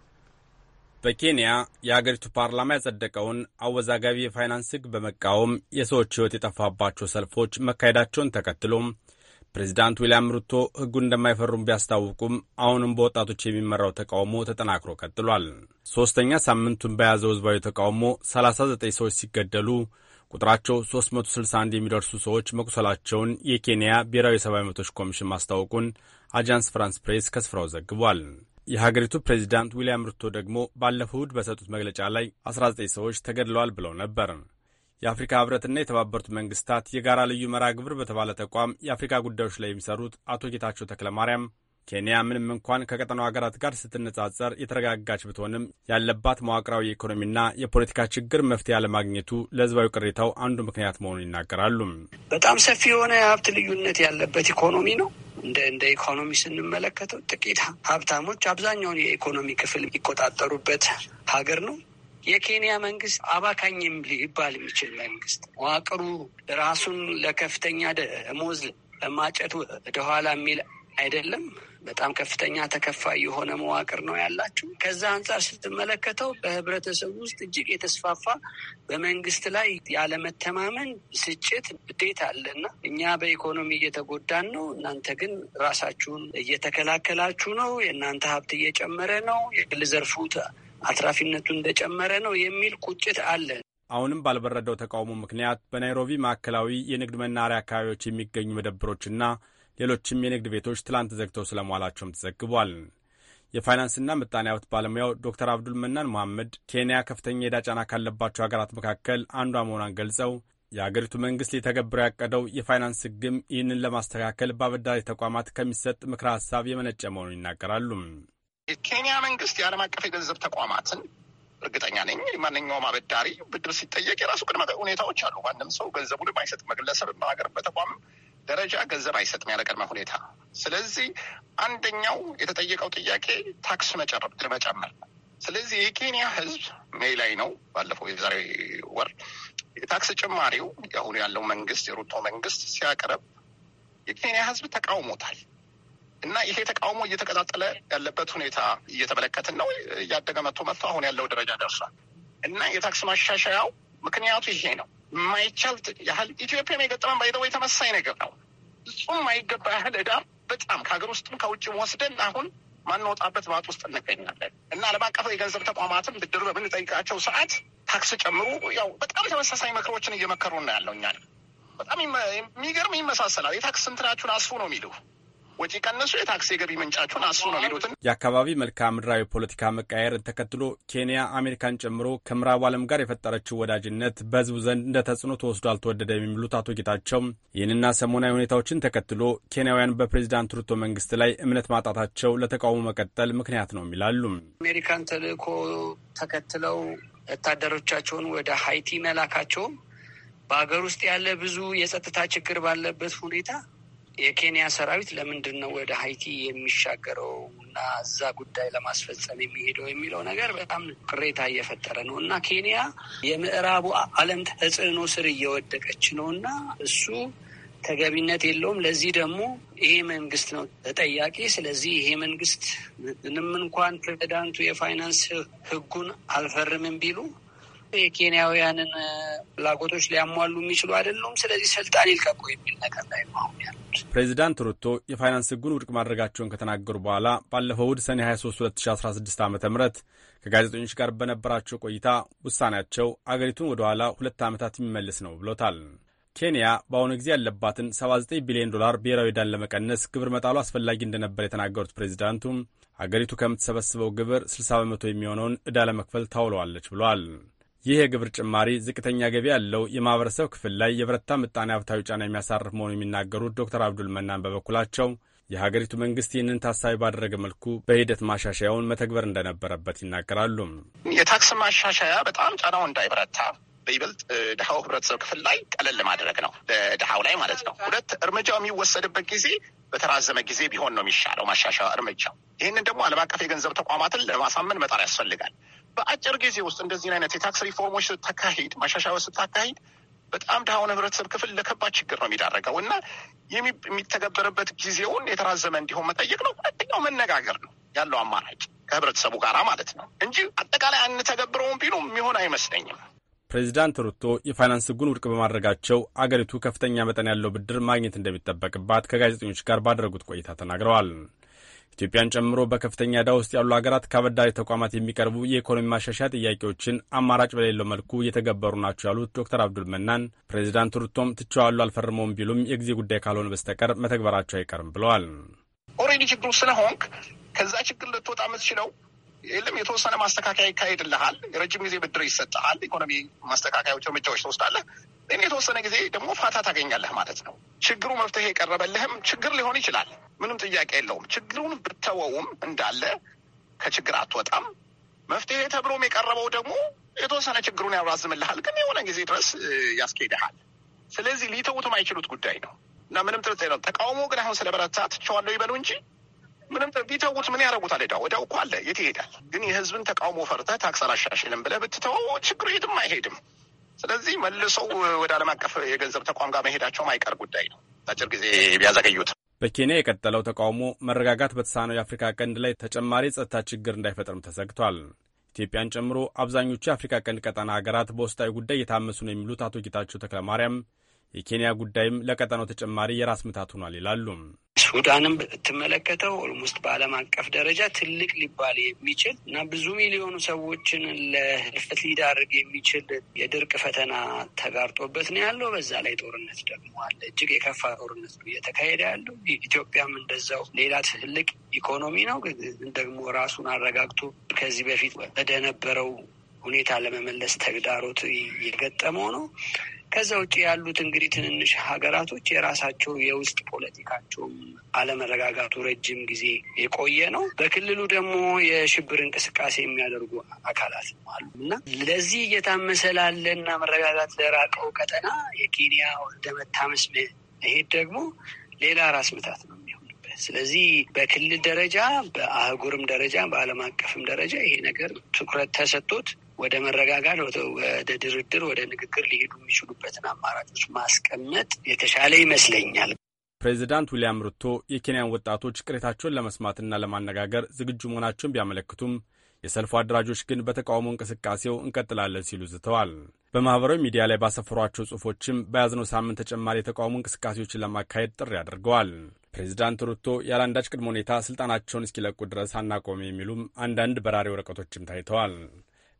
በኬንያ የአገሪቱ ፓርላማ ያጸደቀውን አወዛጋቢ የፋይናንስ ሕግ በመቃወም የሰዎች ሕይወት የጠፋባቸው ሰልፎች መካሄዳቸውን ተከትሎም ፕሬዚዳንት ዊልያም ሩቶ ሕጉን እንደማይፈሩም ቢያስታውቁም አሁንም በወጣቶች የሚመራው ተቃውሞ ተጠናክሮ ቀጥሏል። ሦስተኛ ሳምንቱን በያዘው ሕዝባዊ ተቃውሞ 39 ሰዎች ሲገደሉ ቁጥራቸው 361 የሚደርሱ ሰዎች መቁሰላቸውን የኬንያ ብሔራዊ የሰብአዊ መብቶች ኮሚሽን ማስታወቁን አጃንስ ፍራንስ ፕሬስ ከስፍራው ዘግቧል። የሀገሪቱ ፕሬዚዳንት ዊልያም ሩቶ ደግሞ ባለፈው እሁድ በሰጡት መግለጫ ላይ 19 ሰዎች ተገድለዋል ብለው ነበር። የአፍሪካ ህብረትና የተባበሩት መንግስታት የጋራ ልዩ መራ ግብር በተባለ ተቋም የአፍሪካ ጉዳዮች ላይ የሚሰሩት አቶ ጌታቸው ተክለ ማርያም ኬንያ ምንም እንኳን ከቀጠናው ሀገራት ጋር ስትነጻጸር የተረጋጋች ብትሆንም ያለባት መዋቅራዊ የኢኮኖሚና የፖለቲካ ችግር መፍትሄ አለማግኘቱ ለህዝባዊ ቅሬታው አንዱ ምክንያት መሆኑን ይናገራሉ። በጣም ሰፊ የሆነ የሀብት ልዩነት ያለበት ኢኮኖሚ ነው። እንደ እንደ ኢኮኖሚ ስንመለከተው ጥቂት ሀብታሞች አብዛኛውን የኢኮኖሚ ክፍል የሚቆጣጠሩበት ሀገር ነው። የኬንያ መንግስት አባካኝ ሊባል የሚችል መንግስት መዋቅሩ ራሱን ለከፍተኛ ደሞዝ ለማጨት ወደኋላ የሚል አይደለም። በጣም ከፍተኛ ተከፋይ የሆነ መዋቅር ነው ያላችሁ። ከዛ አንጻር ስትመለከተው በህብረተሰቡ ውስጥ እጅግ የተስፋፋ በመንግስት ላይ ያለመተማመን፣ ስጭት፣ ብዴት አለ እኛ በኢኮኖሚ እየተጎዳን ነው፣ እናንተ ግን ራሳችሁን እየተከላከላችሁ ነው፣ የእናንተ ሀብት እየጨመረ ነው፣ የግል ዘርፉ አትራፊነቱ እንደጨመረ ነው የሚል ቁጭት አለ። አሁንም ባልበረደው ተቃውሞ ምክንያት በናይሮቢ ማዕከላዊ የንግድ መናሪያ አካባቢዎች የሚገኙ መደብሮችና ሌሎችም የንግድ ቤቶች ትላንት ዘግተው ስለመዋላቸውም ተዘግቧል። የፋይናንስና ምጣኔ ሀብት ባለሙያው ዶክተር አብዱል መናን መሐመድ ኬንያ ከፍተኛ የዕዳ ጫና ካለባቸው ሀገራት መካከል አንዷ መሆኗን ገልጸው የአገሪቱ መንግስት ሊተገብረው ያቀደው የፋይናንስ ህግም ይህንን ለማስተካከል በአበዳሪ ተቋማት ከሚሰጥ ምክረ ሀሳብ የመነጨ መሆኑን ይናገራሉ። የኬንያ መንግስት የዓለም አቀፍ የገንዘብ ተቋማትን እርግጠኛ ነኝ ማንኛውም አበዳሪ ብድር ሲጠየቅ የራሱ ቅድመ ሁኔታዎች አሉ። ማንም ሰው ገንዘቡን አይሰጥም። በግለሰብ በሀገር በተቋም ደረጃ ገንዘብ አይሰጥም ያለ ቅድመ ሁኔታ። ስለዚህ አንደኛው የተጠየቀው ጥያቄ ታክስ መጨመር። ስለዚህ የኬንያ ህዝብ ሜይ ላይ ነው ባለፈው የዛሬ ወር የታክስ ጭማሪው የአሁኑ ያለው መንግስት የሩቶ መንግስት ሲያቀርብ የኬንያ ህዝብ ተቃውሞታል። እና ይሄ ተቃውሞ እየተቀጣጠለ ያለበት ሁኔታ እየተመለከትን ነው። እያደገ መጥቶ መጥቶ አሁን ያለው ደረጃ ደርሷል። እና የታክስ ማሻሻያው ምክንያቱ ይሄ ነው። የማይቻል ያህል ኢትዮጵያ የገጠመን ባይተወ የተመሳይ ነገር ነው። እጹም ማይገባ ያህል እዳ በጣም ከሀገር ውስጥም ከውጭም ወስደን አሁን ማንወጣበት ባት ውስጥ እንገኛለን እና ዓለም አቀፍ የገንዘብ ተቋማትም ብድር በምንጠይቃቸው ሰዓት ታክስ ጨምሩ፣ ያው በጣም ተመሳሳይ ምክሮችን እየመከሩ ነው ያለው። እኛ በጣም የሚገርም ይመሳሰላል። የታክስ እንትናችሁን አስፉ ነው የሚሉ ወጪ ቀነሱ፣ የታክስ የገቢ ምንጫችሁን አስሩ ነው የሚሉትን የአካባቢ መልክዓ ምድራዊ ፖለቲካ መቃየርን ተከትሎ ኬንያ አሜሪካን ጨምሮ ከምዕራቡ ዓለም ጋር የፈጠረችው ወዳጅነት በህዝቡ ዘንድ እንደ ተጽዕኖ ተወስዶ አልተወደደ የሚሉት አቶ ጌታቸው ይህንና ሰሞናዊ ሁኔታዎችን ተከትሎ ኬንያውያን በፕሬዚዳንት ሩቶ መንግስት ላይ እምነት ማጣታቸው ለተቃውሞ መቀጠል ምክንያት ነው ይላሉ። አሜሪካን ተልእኮ ተከትለው ወታደሮቻቸውን ወደ ሀይቲ መላካቸውም በሀገር ውስጥ ያለ ብዙ የጸጥታ ችግር ባለበት ሁኔታ የኬንያ ሰራዊት ለምንድን ነው ወደ ሀይቲ የሚሻገረው እና እዛ ጉዳይ ለማስፈጸም የሚሄደው የሚለው ነገር በጣም ቅሬታ እየፈጠረ ነው እና ኬንያ የምዕራቡ ዓለም ተጽዕኖ ስር እየወደቀች ነው እና እሱ ተገቢነት የለውም። ለዚህ ደግሞ ይሄ መንግስት ነው ተጠያቂ። ስለዚህ ይሄ መንግስት ምንም እንኳን ፕሬዚዳንቱ የፋይናንስ ህጉን አልፈርምም ቢሉ የኬንያውያንን ፍላጎቶች ሊያሟሉ የሚችሉ አይደሉም። ስለዚህ ስልጣን ይልቀቁ የሚል ነገር ላይ አሁን ያሉት ፕሬዚዳንት ሩቶ የፋይናንስ ህጉን ውድቅ ማድረጋቸውን ከተናገሩ በኋላ ባለፈው እሁድ ሰኔ 23 2016 ዓ ም ከጋዜጠኞች ጋር በነበራቸው ቆይታ ውሳኔያቸው አገሪቱን ወደ ኋላ ሁለት ዓመታት የሚመልስ ነው ብሎታል። ኬንያ በአሁኑ ጊዜ ያለባትን 79 ቢሊዮን ዶላር ብሔራዊ ዕዳን ለመቀነስ ግብር መጣሉ አስፈላጊ እንደነበር የተናገሩት ፕሬዚዳንቱ አገሪቱ ከምትሰበስበው ግብር 60 በመቶ የሚሆነውን ዕዳ ለመክፈል ታውለዋለች ብሏል። ይህ የግብር ጭማሪ ዝቅተኛ ገቢ ያለው የማህበረሰብ ክፍል ላይ የበረታ ምጣኔ ሀብታዊ ጫና የሚያሳርፍ መሆኑ የሚናገሩት ዶክተር አብዱል መናን በበኩላቸው የሀገሪቱ መንግስት ይህንን ታሳቢ ባደረገ መልኩ በሂደት ማሻሻያውን መተግበር እንደነበረበት ይናገራሉ። የታክስ ማሻሻያ በጣም ጫናው እንዳይበረታ በይበልጥ ድሃው ህብረተሰብ ክፍል ላይ ቀለል ማድረግ ነው፣ በድሃው ላይ ማለት ነው። ሁለት እርምጃው የሚወሰድበት ጊዜ በተራዘመ ጊዜ ቢሆን ነው የሚሻለው ማሻሻያ እርምጃው። ይህንን ደግሞ ዓለም አቀፍ የገንዘብ ተቋማትን ለማሳመን መጣር ያስፈልጋል። በአጭር ጊዜ ውስጥ እንደዚህ አይነት የታክስ ሪፎርሞች ስታካሂድ ማሻሻያ ስታካሂድ በጣም ድሃውን ህብረተሰብ ክፍል ለከባድ ችግር ነው የሚዳረገው እና የሚተገበርበት ጊዜውን የተራዘመ እንዲሆን መጠየቅ ነው። ሁለተኛው መነጋገር ነው ያለው አማራጭ ከህብረተሰቡ ጋር ማለት ነው እንጂ አጠቃላይ አንተገብረውም ቢሉ የሚሆን አይመስለኝም። ፕሬዚዳንት ሩቶ የፋይናንስ ህጉን ውድቅ በማድረጋቸው አገሪቱ ከፍተኛ መጠን ያለው ብድር ማግኘት እንደሚጠበቅባት ከጋዜጠኞች ጋር ባደረጉት ቆይታ ተናግረዋል። ኢትዮጵያን ጨምሮ በከፍተኛ ዕዳ ውስጥ ያሉ ሀገራት ከአበዳሪ ተቋማት የሚቀርቡ የኢኮኖሚ ማሻሻያ ጥያቄዎችን አማራጭ በሌለው መልኩ እየተገበሩ ናቸው ያሉት ዶክተር አብዱል መናን ፕሬዚዳንት ሩቶም ትቸዋሉ አልፈርመውም ቢሉም የጊዜ ጉዳይ ካልሆነ በስተቀር መተግበራቸው አይቀርም ብለዋል። ኦሬዲ ችግሩ ስለሆንክ ከዛ ችግር ልትወጣ የምትችለው የለም የተወሰነ ማስተካከያ ይካሄድልሃል፣ የረጅም ጊዜ ብድር ይሰጥሃል፣ ኢኮኖሚ ማስተካከያዎች እርምጃዎች ትወስዳለህ። ግን የተወሰነ ጊዜ ደግሞ ፋታ ታገኛለህ ማለት ነው። ችግሩ መፍትሄ የቀረበልህም ችግር ሊሆን ይችላል። ምንም ጥያቄ የለውም። ችግሩን ብተወውም እንዳለ ከችግር አትወጣም። መፍትሄ ተብሎም የቀረበው ደግሞ የተወሰነ ችግሩን ያራዝምልሃል፣ ግን የሆነ ጊዜ ድረስ ያስኬድሃል። ስለዚህ ሊተውት የማይችሉት ጉዳይ ነው እና ምንም ጥርጥር የለውም። ተቃውሞ ግን አሁን ስለበረታ በረታ ትቸዋለሁ ይበሉ እንጂ ምንም ቢተውት ምን ያደረጉታል? እዳው እዳው እኮ አለ፣ የት ይሄዳል? ግን የህዝብን ተቃውሞ ፈርተህ ታክስ አላሻሽልም ብለህ ብትተወው ችግሩ የትም አይሄድም። ስለዚህ መልሰው ወደ ዓለም አቀፍ የገንዘብ ተቋም ጋር መሄዳቸውም አይቀር ጉዳይ ነው። በአጭር ጊዜ ቢያዘገዩት በኬንያ የቀጠለው ተቃውሞ መረጋጋት በተሳነው የአፍሪካ ቀንድ ላይ ተጨማሪ ጸጥታ ችግር እንዳይፈጥርም ተሰግቷል። ኢትዮጵያን ጨምሮ አብዛኞቹ የአፍሪካ ቀንድ ቀጠና ሀገራት በውስጣዊ ጉዳይ እየታመሱ ነው የሚሉት አቶ ጌታቸው ተክለማርያም የኬንያ ጉዳይም ለቀጠናው ተጨማሪ የራስ ምታት ሆኗል ይላሉ። ሱዳንም ብትመለከተው ኦልሞስት በዓለም አቀፍ ደረጃ ትልቅ ሊባል የሚችል እና ብዙ ሚሊዮኑ ሰዎችን ለህልፈት ሊዳርግ የሚችል የድርቅ ፈተና ተጋርጦበት ነው ያለው። በዛ ላይ ጦርነት ደግሞ አለ። እጅግ የከፋ ጦርነት ነው እየተካሄደ ያለው። ኢትዮጵያም እንደዛው ሌላ ትልቅ ኢኮኖሚ ነው፣ ግን ደግሞ ራሱን አረጋግቶ ከዚህ በፊት ወደነበረው ሁኔታ ለመመለስ ተግዳሮት የገጠመው ነው። ከዛ ውጭ ያሉት እንግዲህ ትንንሽ ሀገራቶች የራሳቸው የውስጥ ፖለቲካቸውም አለመረጋጋቱ ረጅም ጊዜ የቆየ ነው። በክልሉ ደግሞ የሽብር እንቅስቃሴ የሚያደርጉ አካላት አሉ እና ለዚህ እየታመሰ ላለና መረጋጋት ለራቀው ቀጠና የኬንያ ወደ መታመስ መሄድ ደግሞ ሌላ ራስ ምታት ነው የሚሆንበት። ስለዚህ በክልል ደረጃ በአህጉርም ደረጃ በዓለም አቀፍም ደረጃ ይሄ ነገር ትኩረት ተሰጥቶት ወደ መረጋጋት፣ ወደ ድርድር፣ ወደ ንግግር ሊሄዱ የሚችሉበትን አማራጮች ማስቀመጥ የተሻለ ይመስለኛል። ፕሬዚዳንት ዊልያም ሩቶ የኬንያን ወጣቶች ቅሬታቸውን ለመስማትና ለማነጋገር ዝግጁ መሆናቸውን ቢያመለክቱም የሰልፉ አደራጆች ግን በተቃውሞ እንቅስቃሴው እንቀጥላለን ሲሉ ዝተዋል። በማኅበራዊ ሚዲያ ላይ ባሰፈሯቸው ጽሑፎችም በያዝነው ሳምንት ተጨማሪ የተቃውሞ እንቅስቃሴዎችን ለማካሄድ ጥሪ አድርገዋል። ፕሬዚዳንት ሩቶ ያለአንዳች ቅድመ ሁኔታ ስልጣናቸውን እስኪለቁ ድረስ አናቆም የሚሉም አንዳንድ በራሪ ወረቀቶችም ታይተዋል።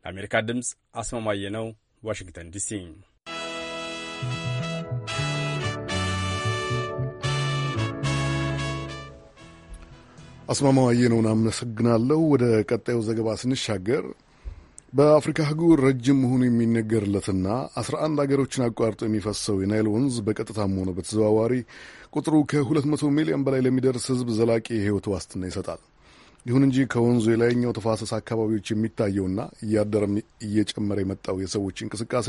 ለአሜሪካ ድምፅ አስማማየ ነው፣ ዋሽንግተን ዲሲ። አስማማው አየነውን አመሰግናለሁ። ወደ ቀጣዩ ዘገባ ስንሻገር በአፍሪካ አህጉር ረጅም መሆኑ የሚነገርለትና አስራ አንድ አገሮችን አቋርጦ የሚፈሰው የናይል ወንዝ በቀጥታም ሆነ በተዘዋዋሪ ቁጥሩ ከ200 ሚሊዮን በላይ ለሚደርስ ሕዝብ ዘላቂ የሕይወት ዋስትና ይሰጣል። ይሁን እንጂ ከወንዙ የላይኛው ተፋሰስ አካባቢዎች የሚታየውና እያደረም እየጨመረ የመጣው የሰዎች እንቅስቃሴ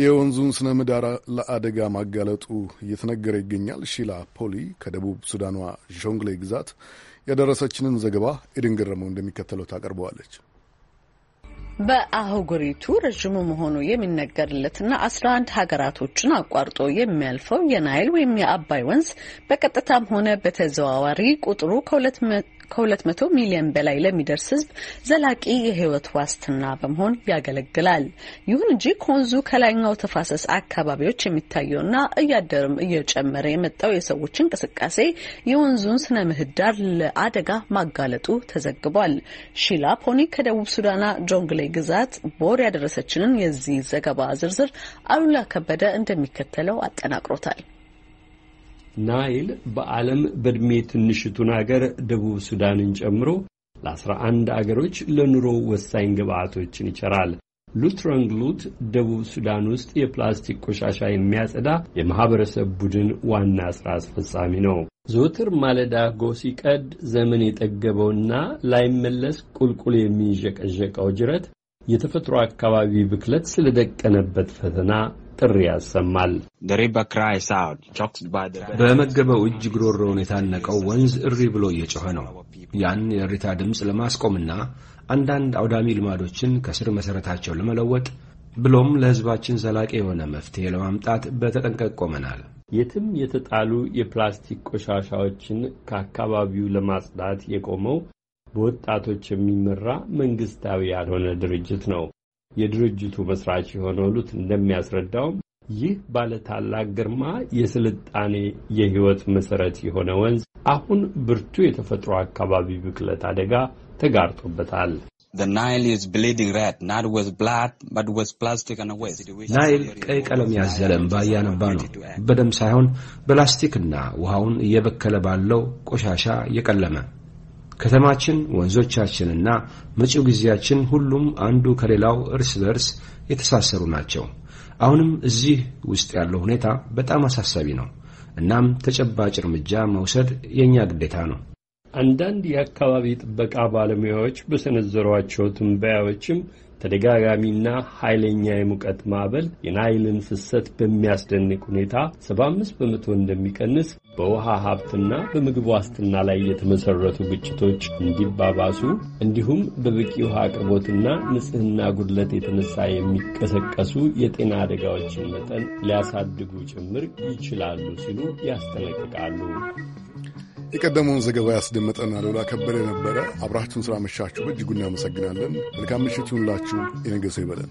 የወንዙን ስነ ምህዳር ለአደጋ ማጋለጡ እየተነገረ ይገኛል። ሺላ ፖሊ ከደቡብ ሱዳኗ ሾንግሌ ግዛት ያደረሰችንን ዘገባ ኤድን ገረመው እንደሚከተለው ታቀርበዋለች። በአህጉሪቱ ረዥሙ መሆኑ የሚነገርለትና አስራ አንድ ሀገራቶችን አቋርጦ የሚያልፈው የናይል ወይም የአባይ ወንዝ በቀጥታም ሆነ በተዘዋዋሪ ቁጥሩ ከሁለት ከ200 ሚሊዮን በላይ ለሚደርስ ህዝብ ዘላቂ የህይወት ዋስትና በመሆን ያገለግላል። ይሁን እንጂ ከወንዙ ከላይኛው ተፋሰስ አካባቢዎች የሚታየውና እያደርም እየጨመረ የመጣው የሰዎች እንቅስቃሴ የወንዙን ስነ ምህዳር ለአደጋ ማጋለጡ ተዘግቧል። ሺላ ፖኒ ከደቡብ ሱዳና ጆንግሌ ግዛት ቦር ያደረሰችንን የዚህ ዘገባ ዝርዝር አሉላ ከበደ እንደሚከተለው አጠናቅሮታል። ናይል በዓለም በዕድሜ ትንሽቱን አገር ደቡብ ሱዳንን ጨምሮ ለአስራ 11 አገሮች ለኑሮ ወሳኝ ግብዓቶችን ይቸራል። ሉትረንግሉት ደቡብ ሱዳን ውስጥ የፕላስቲክ ቆሻሻ የሚያጸዳ የማኅበረሰብ ቡድን ዋና ሥራ አስፈጻሚ ነው። ዘወትር ማለዳ ጎህ ሲቀድ ዘመን የጠገበውና ላይመለስ ቁልቁል የሚንዠቀዠቀው ጅረት የተፈጥሮ አካባቢ ብክለት ስለደቀነበት ፈተና ጥሪ ያሰማል። በመገበው እጅ ግሮሮውን የታነቀው ወንዝ እሪ ብሎ እየጮኸ ነው። ያን የእሪታ ድምፅ ለማስቆምና አንዳንድ አውዳሚ ልማዶችን ከስር መሠረታቸው ለመለወጥ ብሎም ለሕዝባችን ዘላቂ የሆነ መፍትሄ ለማምጣት በተጠንቀቅ ቆመናል። የትም የተጣሉ የፕላስቲክ ቆሻሻዎችን ከአካባቢው ለማጽዳት የቆመው በወጣቶች የሚመራ መንግሥታዊ ያልሆነ ድርጅት ነው። የድርጅቱ መስራች የሆነሉት እንደሚያስረዳውም ይህ ባለታላቅ ግርማ የስልጣኔ የህይወት መሰረት የሆነ ወንዝ አሁን ብርቱ የተፈጥሮ አካባቢ ብክለት አደጋ ተጋርጦበታል። ናይል ቀይ ቀለም ያዘለ እምባ እያነባ ነው። በደም ሳይሆን በላስቲክና ውሃውን እየበከለ ባለው ቆሻሻ የቀለመ ከተማችን፣ ወንዞቻችንና መጪው ጊዜያችን ሁሉም አንዱ ከሌላው እርስ በርስ የተሳሰሩ ናቸው። አሁንም እዚህ ውስጥ ያለው ሁኔታ በጣም አሳሳቢ ነው። እናም ተጨባጭ እርምጃ መውሰድ የእኛ ግዴታ ነው። አንዳንድ የአካባቢ ጥበቃ ባለሙያዎች በሰነዘሯቸው ትንበያዎችም ተደጋጋሚና ኃይለኛ የሙቀት ማዕበል የናይልን ፍሰት በሚያስደንቅ ሁኔታ 75 በመቶ እንደሚቀንስ በውሃ ሀብትና በምግብ ዋስትና ላይ የተመሠረቱ ግጭቶች እንዲባባሱ እንዲሁም በበቂ ውሃ አቅርቦትና ንጽህና ጉድለት የተነሳ የሚቀሰቀሱ የጤና አደጋዎችን መጠን ሊያሳድጉ ጭምር ይችላሉ ሲሉ ያስጠነቅቃሉ። የቀደመውን ዘገባ ያስደመጠና ሎላ ከበደ ነበረ። አብራችሁን ስላመሻችሁ በእጅጉ እናመሰግናለን። መልካም ምሽት ይሁንላችሁ። የነገ ሰው ይበለን።